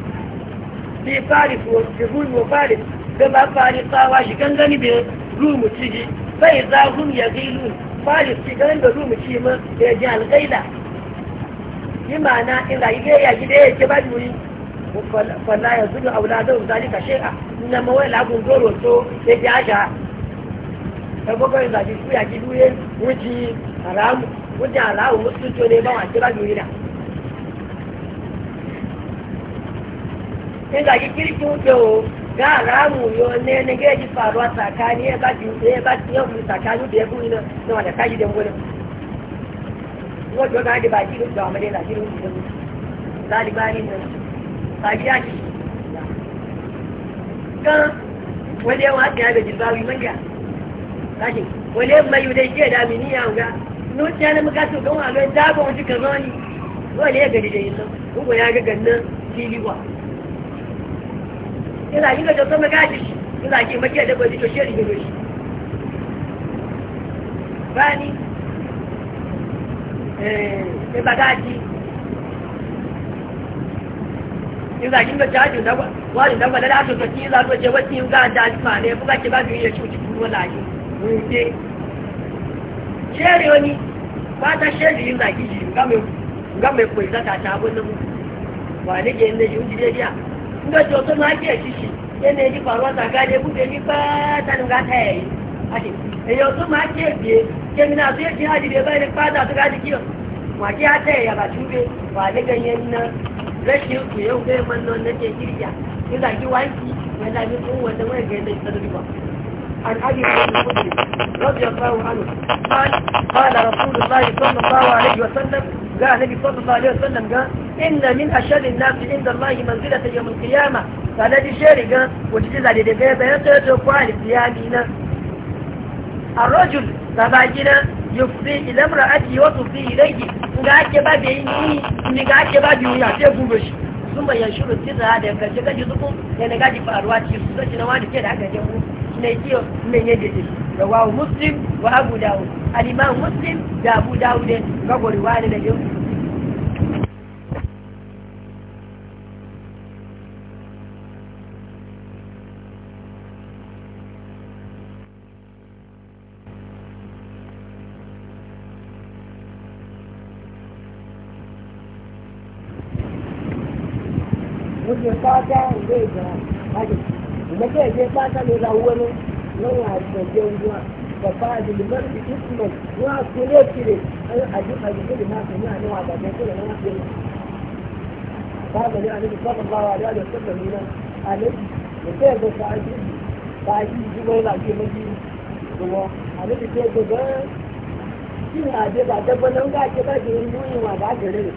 fi fari ko jihun wa fari da ba fari tsawa shi gangani da rumu ciki sai za hum ya gailu fari ci ganin da rumu ci ma ya ji alƙaida yi ma'ana in rayu ga ya gida ya ke ba juri falla ya zubi a wula zai zali ka sheka na mawai lagun goro to ya ji asha ta bakwai zaji su ya gidu ya wuce haramu wuce haramu mutu ne ba wa kira juri na nígbà tí kí tún dé o gáàrámù yọ ní ẹnẹgẹ́jì fàrọ̀ àtàkà ní ẹbá ti ṣe ẹbá ti yọ fún ìtàkà lóde ẹkùn iná ní wọn àtàkà yìí dẹ̀wọ́ da wọ́n jọ náà dìbà jírí ìjọ àmọ́lé là da ìjọ láti bá rí náà tàbí kan wọ́n dé wọn bá wí mọ́jà láti wọ́n lé mọ ìwé iṣẹ́ ìdá mi ní àwùjá ní ó ti ẹni mú kásìkò kan wà lóyún dáàbò ojú kan náà ni wọ́n lé ila yi gajo sama gaji ila ki makiya da gwadi to sheri gido shi bani eh e bagaji ila ki ga jaji da wani da bada da to ki za to je wati ga da ma ne buga ki ba biye shi ki kuma laji mun ke sheri wani ba ta sheri yin zaki shi ga me ga me koyi ta ta abun nan wa ne ke ne shi ji ndọ́jọ́ tó máa jẹ́ ìṣiṣì yẹn ní pàrọ̀ sàgáde búde ní pẹ́ẹ́tẹ́nuga tẹ̀ ẹ̀ èyàn tó máa jẹ́ èbìé kẹ́mínà tó yẹ kí á dìde bẹ́ẹ̀ ní pátá tó ká di kí ọ̀ wà kí á tẹ̀ yàrá tó gbé wà lẹ́gẹ̀ yẹn ná rẹ́ṣin kù yẹn fẹ́ mọ́ náà lẹ́jẹ̀ kiri yà nígbà tí wáyé kí wọ́n mi fún wọn lẹ́wọ́n ẹ̀gẹ́ lẹ́yìn tó قال النبي صلى الله عليه وسلم قال إن من أشد الناس عند الله منزلة يوم القيامة فلا فالذي شارك وتجد على دقيقة يتجد قال قيامنا الرجل تباجنا يفضي إلى امرأته وتفضي إليه وقعك بابيني وقعك بابيني يعتبه بشي ثم ينشر التزع هذا يبقى شكا جزبه لأنه قاعد يفعل رواتي يسوسك نواني كده حقا جمهور ميتيو من يدري رواه مسلم وأبو داود الإمام مسلم دا أبو داود قبل والد اليوم la wani nan a shagen ruwa ba ba da limar da isman ruwa su ne kire an aji a jiki da na sami a nawa ba da kula na wasu ne ba ga ne a nabi sallallahu alaihi wa sallam ne a nabi da sai ga ta aji ba a yi ji wai lafiya mafi ruwa a nabi sai ga ga shin a je ba dabba nan ga ke ba ke yin nuni wa ba gare ne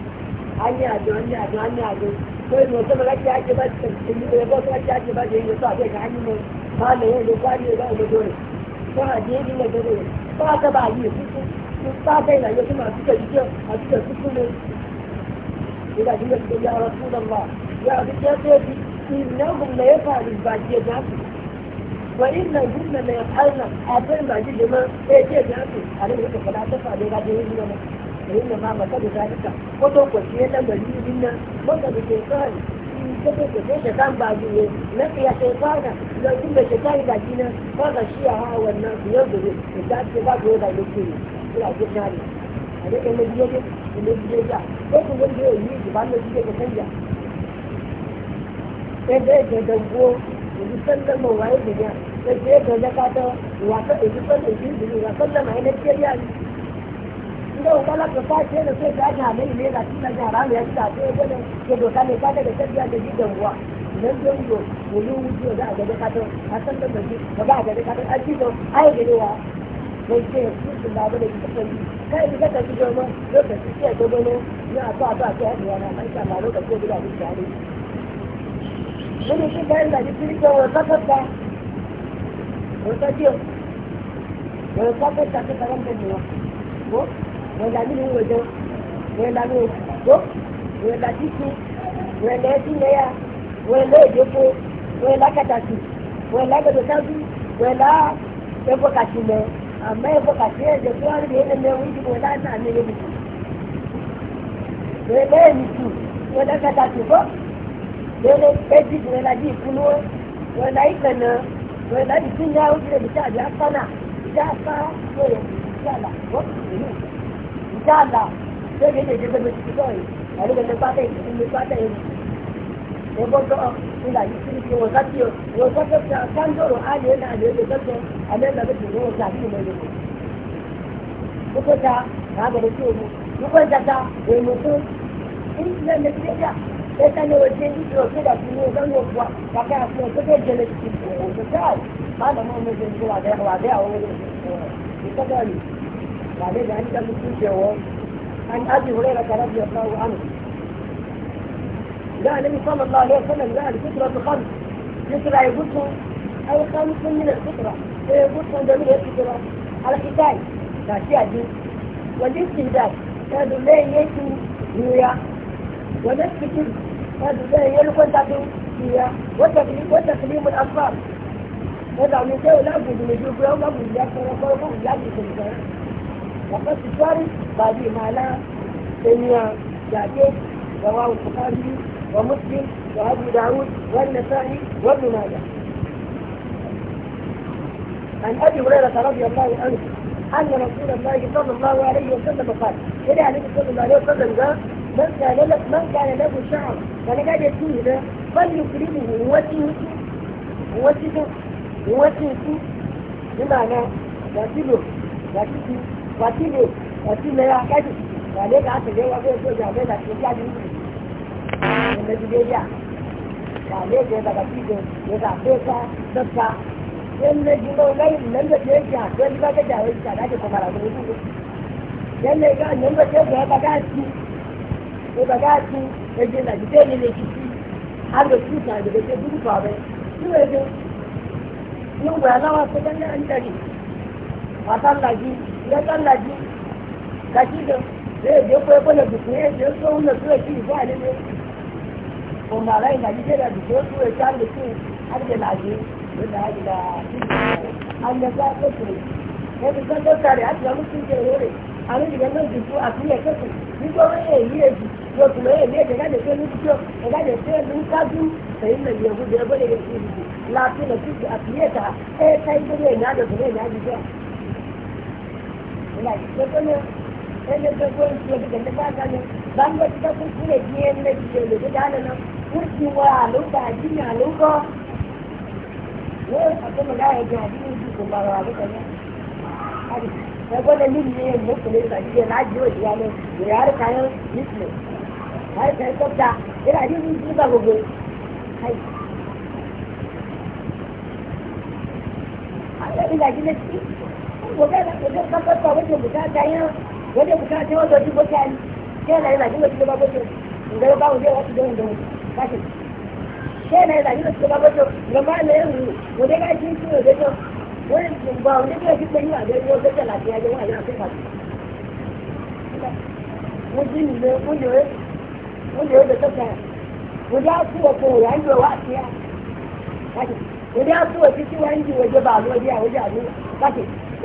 an yi ajo an yi ajo an yi ajo ko yi mutum ga ke ake ba ke yi ba ke ake ba ke yi da su a kai ga hannun kwale ya zo kwale ya zo dole ko a je ne da dole ba ka ba yi su su ba kai na yau kuma suka yi kyau a suka su su ne ina jin da su ya rasu da ba ya duk ya ce bi innahum la yafalu bajiya da su wa inna hunna la yafalna abin ba ji jima sai ce kuke sai da san baji ne na fiya sai fara da kun da shekari da kina fara shi a wannan biyar da ne da ke ba da yake ne ina ke tare a da kan da yake da yake da ko kun da yake yi ba da yake ka canja sai da yake da go da san da mawaye da ya sai da ka ta wata da san da yake da ka sallama ina ke yayi inda wakala ka ta ce da sai ta ji halayi ne da cikin da haramu ya ci ta ce ya ke doka ne ka daga tafiya da gidan ruwa idan don yo wani wuce za a gaba katon a san da gaji ba za a gaba katon a ci don a yi gadewa don ce su su ba da ita kai kai da ka ci gaba lokaci ce ta gano na a to a to a ce a ɗuwa na mai sa ma lokaci da gudu da ne. Wani shi bayan da ji kirkin wasa kasa wasa jiya wasa kasa ta karanta ne wa wẹ̀dà nínú ìwé jẹun wẹ̀dà ní oṣù tó wẹ̀dà títí wẹ̀dà ẹtí lẹ́yà wẹ̀dà èdèpo wẹ̀dà kàtàkì wẹ̀dà gbẹdọ̀ sábú wẹ̀dà ẹ̀fọ́ kàtì lẹ̀ àmọ́ ẹ̀fọ́ kàtì ẹ̀jẹ̀ tó wà ní ìyẹn lẹ́nu ẹ̀wọ̀n ìdìbò wẹ̀dà náà ní ẹ̀yẹ nìkú wẹ̀dà ẹ̀nìkú wẹ̀dà kàtàkì bọ́ wẹ̀dà ẹ̀jì wẹ̀dà dì ìkúnú wẹ̀dà ìkànnà wẹ̀dà ìkúnyà ó ti rẹ̀ bìtà àbí afánà ìjà afá lóye ìjà àlà bọ́ ìlú dáadáa ṣé kìí ṣe ìdíje mi ti sọ̀rọ̀ ẹ̀rí gbẹ̀gbẹ̀ pátá ìdíje pátá ìlú. Ebodo ila yisini ke wakati yo wakati ya kandoro ali ena ali ene kato amenda bitu ni wakati ni mwele uko ta kaga da kiwo uko ta ta e mutu in ne ne kida eta ne wace ni to ke da kuma zan yo kwa ka ka ko ko ke jele ki ko ta ma da mu ne jin ko da wa da o ne ko ta ga ni بعدين عند المسلم جواب عن ابي هريره رضي الله عنه لا النبي صلى الله عليه وسلم لا الفطره بخمس فطره يقصه اي خمس من الفطره فيقصه جميع الفطره على حكايه الاشياء دي والاستهداف هذا لا يأتي هي ونفس كذب هذا لا يلقى تعطيه هي وتكليم وتكليم الأطفال هذا من شيء لا من يجوب يوم لا بد يأكل ولا بد يأكل كل شيء وقد الشارب باقي ما لا تنيا جاكيت رواه البخاري ومسلم وابو داود والنسائي وابن ماجه عن ابي هريره رضي الله عنه ان رسول الله صلى الله عليه وسلم قال الى النبي صلى الله عليه وسلم قال من كان لك من كان له شعر فانا قاعد يسوي ده فليكرمه هو سيوتي هو سيوتي هو بمعنى لا تبه wakili wakili ya kaji wale ka aka dai wafe so ja bai da ke kaji ne ne ji ya wale ke da ka kike ya da pesa dakka yan ne ji no lai nan da ke ya ko ni ba ka ja wai ka da ke kuma ra ko ku yan ne ga nan ya tsalla ji ka shi da zai je ko ya bala dukkan ya je so wanda suwa shi ba ne ne ko mara ina ji da dukkan su ya tsalla su har da laje da haji da an da za ka su ya bi san dokta da hajji da mutum ke rore a rin da nan jiki a fiye kasu ni ko mai ele pegou em dia, porque ele vai ganhar. Vamos ficar com o dinheiro nesse jogo, cuidado não. Último aluga, dinha aluga. Eu só tenho lugar de adinho de comprar a luta, né? Eu vou ter dinheiro, vou poder fazer lá de hoje, já não. E aí o cara disse, aí você vai comprar. Ele aí não diz pra você. Aí. Aí eu me imagino assim wajen kafarwa wajen bukata yin wajen bukata yin wajen bukata yin yana yana jin wajen bukata yin ga ba wajen wasu don don kashi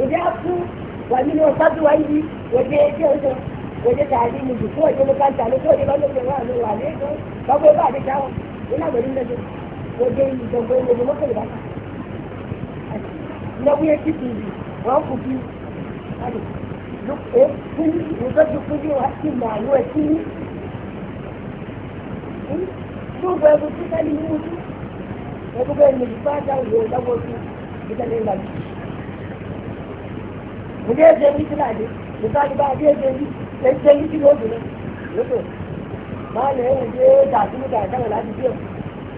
idafu wamini wafazi waidi wajejezo waje taalimu ji ko waje makaranta ne ko waje ban da wa ne wa ne ko ba ko ba da tawo ina garin da su waje yi don ko ne maka da ka na buya kiti ji wa ku bi ali duk eh kun ku da duk kun wa ki ma wa ki ko ba ku ta ni mu ko ba ni ba ta wo da wo ki mu je jami tana ne misali ba je jami dan jami kilo ne yau ba ne mu je da su da ta wala biyo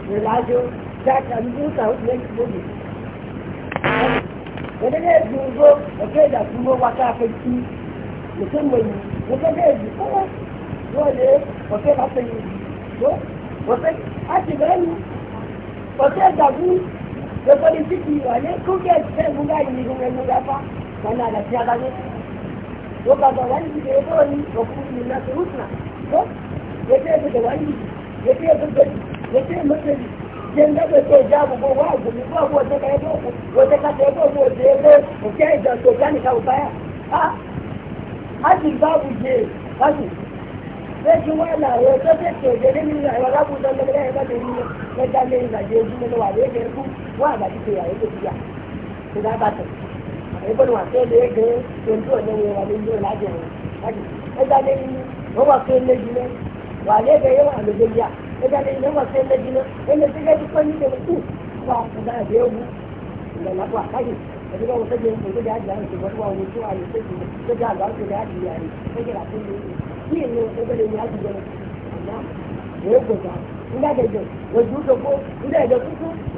ne lajo ta ta mu ta wuce ne kilo ne wanda ne dungo da ke da kuma wata fashi musamman wata ne ji kuma dole wata ba ta yi ko wata a ti gani wata da ku da farin ciki wane kuke sai mun gani ne kun gani da fa wannan da ya gano ko ba ga wani da ya kawai ba ku yi na su rusna ko ya ce ya da wani ya ce ya da ya ce mutane jen da ba ce ja ko wa ku ni ko ko ta kai ko ko ta ka ta ko ko je ko ko ke da to kan ka ba ya a haji babu je haji sai ki wala ya ta ce ke da ni na ni ya da ne na je ji ne wa ya ke ku ẹgbẹ́ wa tó lé gan tontu ọ̀lẹ́wọ̀ wa lójú ọ̀la jẹ̀ wọ́n ẹgbẹ́ lé yín wọ́n wà tó lé jù lẹ́ wà lé bẹ́ wà lójú yá ẹgbẹ́ lé yín wà tó lé jù lẹ́ ẹgbẹ́ tó gẹ́gẹ́ tó ní tẹ̀lé kù wà ọ̀gá ẹ̀dẹ́ ewu ìlànà àpò àkáyè ẹgbẹ́ wọn fẹ́ jẹ́ ìpèsè dé àjẹ́ àrùn ṣùgbọ́n wà wọ́n tó àyè tó ti tó dé àgbà tó dé àjẹ́ àrùn ẹgbẹ́ nga ojú ìdòkó nga ẹ̀dẹ̀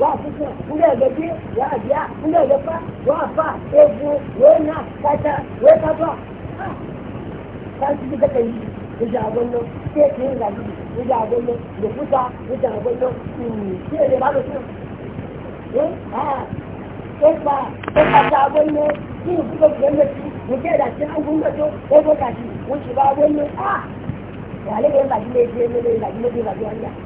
wà kúkú nga wà bíà nga fa wà fa ebu wé nà kàtà wé kàtà káàkiri ti kẹkẹ yìí ojú àgọ́ lọ kéèkì ń ojú àgọ́ lọ lòkúta ojú àgọ́ lọ kí èdè bá lọ fún un ẹgbà ẹgbà tá àgọ́ lọ kí ìdúgbò gbẹ́mẹ̀ sí nìkẹ́ ìdàtí àwọn gbẹ́mẹ̀ ó bó dàtí wọ́n ti bá àgọ́ lọ ìyàlẹ́ yẹn bàjẹ́ lé lé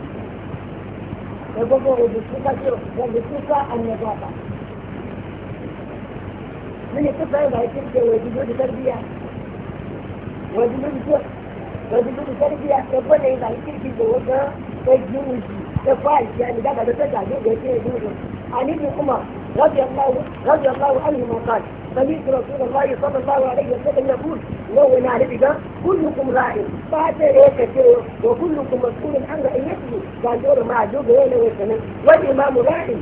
يقول وبصفة وبصفة النظافة من الصفة يبقى الشركة وجدود تربية وجدود صحة وجدود تربية يقول يبقى الشركة وجدود تجوز تفاعل يعني ده بدأت تعجب يا سيدي أنا ابن عمر رضي الله رضي الله عنهما قال سمعت رسول الله صلى الله عليه وسلم يقول لو نعرفك كلكم راع فاتى يكثر وكلكم مسؤول عن رعيته قال دور معجوب هنا وسلم والامام راعي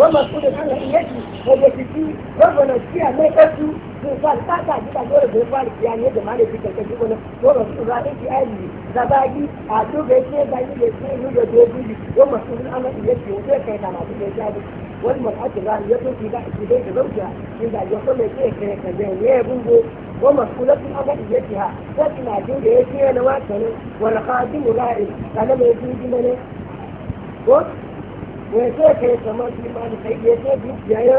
ومسؤول عن رعيته والتي ربنا فيها ما يكفي بيقال قاطع جدا دور بيقال يعني يد ما لك تكتب ولا دور الرئيس قال زباجي عدو بيتنا زي بيتنا يوجد يوجد ومسؤول عن رعيته وذلك كان على ذلك والمرأة الرعية في بيت زوجها إذا يقول لك إيه كان كذا يا بنبو ومسؤولة عن رعيتها لكن عدو بيتنا نواتنا والقادم رائع أنا ما يجي منه mai so ke kamar limani kai ya so dukiya ya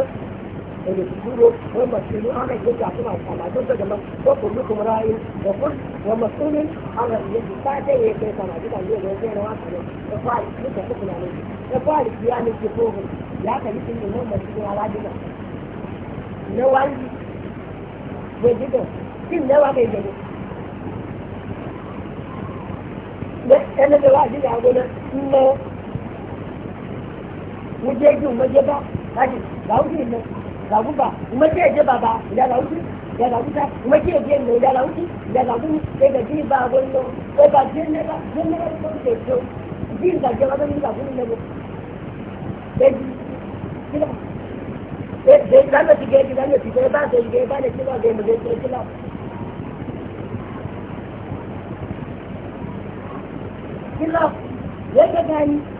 daga sukuro wa masulu ana ke ta kuma kalatun daga nan ko kullu kuma ra'ayin da kun wa masulin ana iya ji ta ta yi kai sama duka ne da yake na wasa ne da fari duka su kula ne da fari ya ne ke kogo ya ka nufin ne nan masulin aladina na wani bai ji da kin da wa kai da ne ɗan da wa ji da gona in na muje ji muje ba kaji ga wuce ne ga guba muje je baba da ga wuce da ga wuce muje je ne da ga wuce da ga guba sai ga ji ba gollo ko ba je ne ba je ne ba ko ke to ji ga je ba ne ga guba ne ko sai ji sai sai da ga tige ji da ne tige ba sai ga ba ne kila ga mu sai kila kila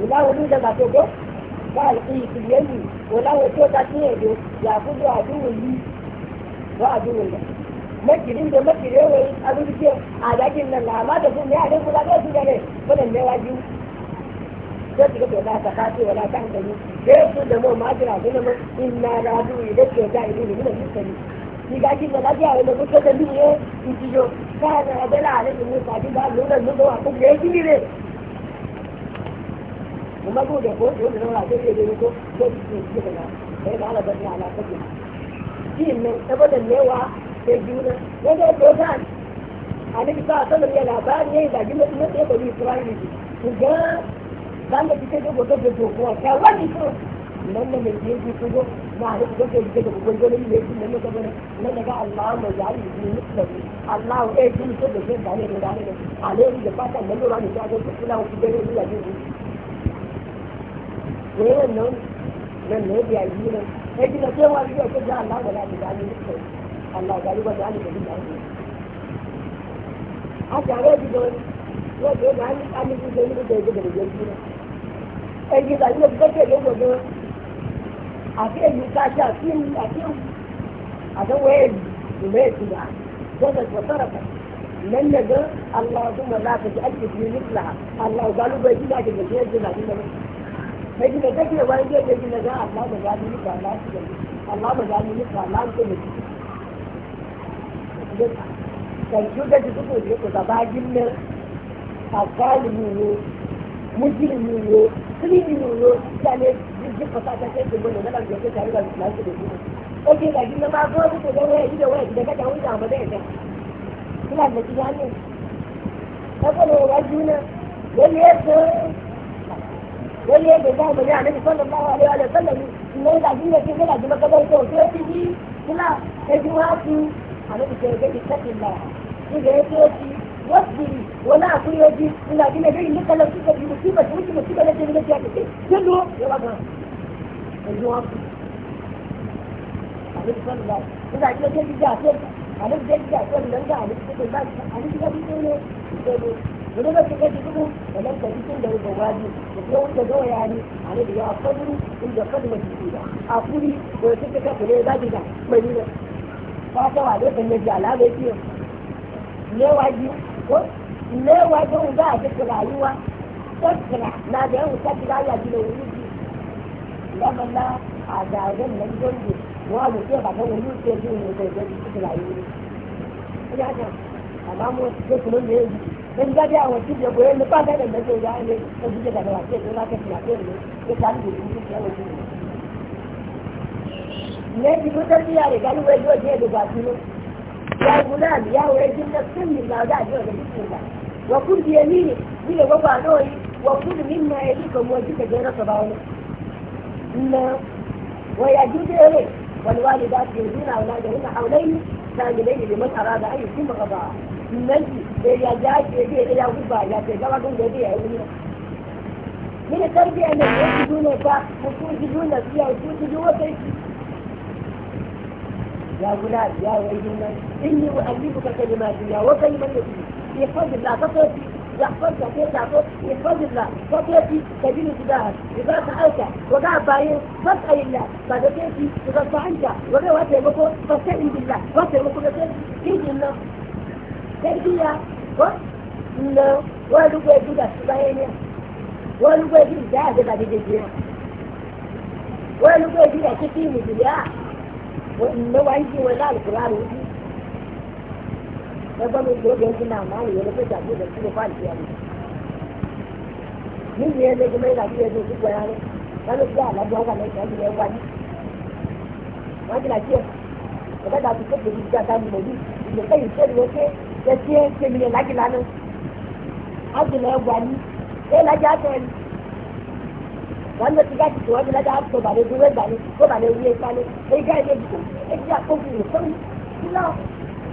我拿我那个咋做过？我是一只眼睛，我拿我做的眼睛也不是眼睛而已，我眼睛了。没几年就没几年了，阿都就瞎。阿家亲人，阿妈就说你阿都不拿多少钱嘞，不能没眼睛。这几个表单是开始我来张嘴，这是怎么妈知道怎么？你那个阿都一个表单已经领了一次了。你赶紧的，那些阿都不缺人民币，你就啥子阿都拿，你不用着急拿，路人都多，都年轻的嘞。وما جود يقول يقول انا راح اجيب لي لكم جود كده هيبقى على بدني على قدي دي من ابدا لوا تجينا وده دوزان انا كنت اصلا يا لابان يا اذا جبت لك يا بني اسرائيل وجا كان ده كده جود جود هو كان لما من يجي كده ما عرف جود كده بقول له ليه يجي لما كده لما جاء الله ما جعل يجي مثله الله ايه كده كده عليه عليه عليه ده فاتن منه راح يجي كده كده وكده يجي da yawan nan nan ne biya yi nan sai kina sai wa biya ko da Allah da lafiya da ni ko Allah ga ruwa da ni da a tare da don wa da ga ni ani ku da ni da ga da ga ni ai ki da ni da ke da ko da a ke yi ka sha kin a kin a da waye ne ki da ko da ko sarrafa nan ne ga Allah kuma la ta ji ake Allah ga ruwa da ni da ga ni da लेकिन ऐसे कि हमारे लिए लेकिन लगा अल्लाह बजा नहीं लिखा अल्लाह की गलती अल्लाह बजा नहीं लिखा अल्लाह को नहीं कंप्यूटर जिसको पूछिए तो दबाजिम में अफाल हो मुजरिम हो क्रीम हो यानी जिससे पता चलता है कि वो लोग अलग जैसे चाहिए अल्लाह को देखिए ओके लेकिन मैं आपको तो देखो है इधर है देखा चाहूँ जहाँ बताए फिलहाल नतीजा नहीं ऐसा लोग आज जीवन ये wani ya ke gawo bane annabi sallallahu alaihi wa sallam ne da jinda ke da kuma kada ko ke ji kula ke ji wa ku annabi ke ga ki tafi la ki ga ke ji wasi wala ku ya ji ina gina gari ne kallon suka ji musiba ta wuce musiba da ke da ke ke yallo ya ba ga ji wa ku annabi sallallahu ina gina ke ji ja ke annabi ke ji ja ke nan ga annabi ke ba annabi ke ji ne ke wani mace ka ji dubu da nan kaji tun da rubar waji da kuma wanda zo ya ne a ne da ya faduru inda fadura su su da a kuri da wasu ta kafa ne za ki da mai nuna ba ta wa lokacin ya ji alama ya fiye ne waji ko ne waji un za a duka rayuwa tattara na da yawan sa gida ya ji da wuri ji lamar na a zagen nan gondi wa mu ce ba ta wuri ce ji ne da ya ji rayuwa. Ina ta, amma mu ce kuma me ya ji in ga da wani cikin goyon da ba ga da mai goyon ne ta jike da rawa ce don haka fiya ce ne ta ni da cikin ya wani ne ne ki fitar da yare gani wai yau ne da ba su ne ya guna ya wai jin wa kun biye ni ne ni da gwagwa noyi wa kun والوالدات يرضين أولادهن حولين كاملين لمن أراد أن يتم رضاعه نجي يا جاي جاي يا غبا يا تجاوز يا جاي من التربية أن يجدون يجدون فيها يجدون وكيف يا أولاد يا أولاد إني أعلمك كلمات يا وكلمة في فضل لا تصل يحفظك ويتعفظ يحفظ الله فتأتي تجين تجاهك إذا سألت وقع باين فاسأل الله بعد تأتي إذا استعنت وقع وقت مكو فاستعن بالله وقت مكو تجي الله تربية No, wọ́n lúgbọ́ ẹbí dàtú báyé ní à. Wọ́n lúgbọ́ ẹbí ìjà àgbẹ̀bà dídé jù à. Wọ́n lúgbọ́ ẹbí dàtú kí ìmùdìrí à. Ìnáwó ayé wọn láàlùkò láàlùkò. sababu dogon suna mali ya nufi shafi da ala na fiye da ka da su kake da ta da mu ne kai ce ne ke ya ce ke ne na gina na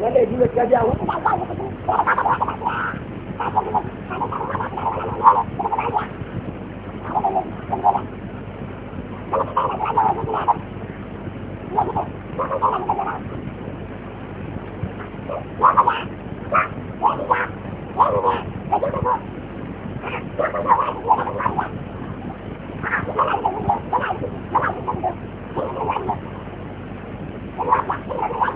wanda ya jure gajiya wani Thank you.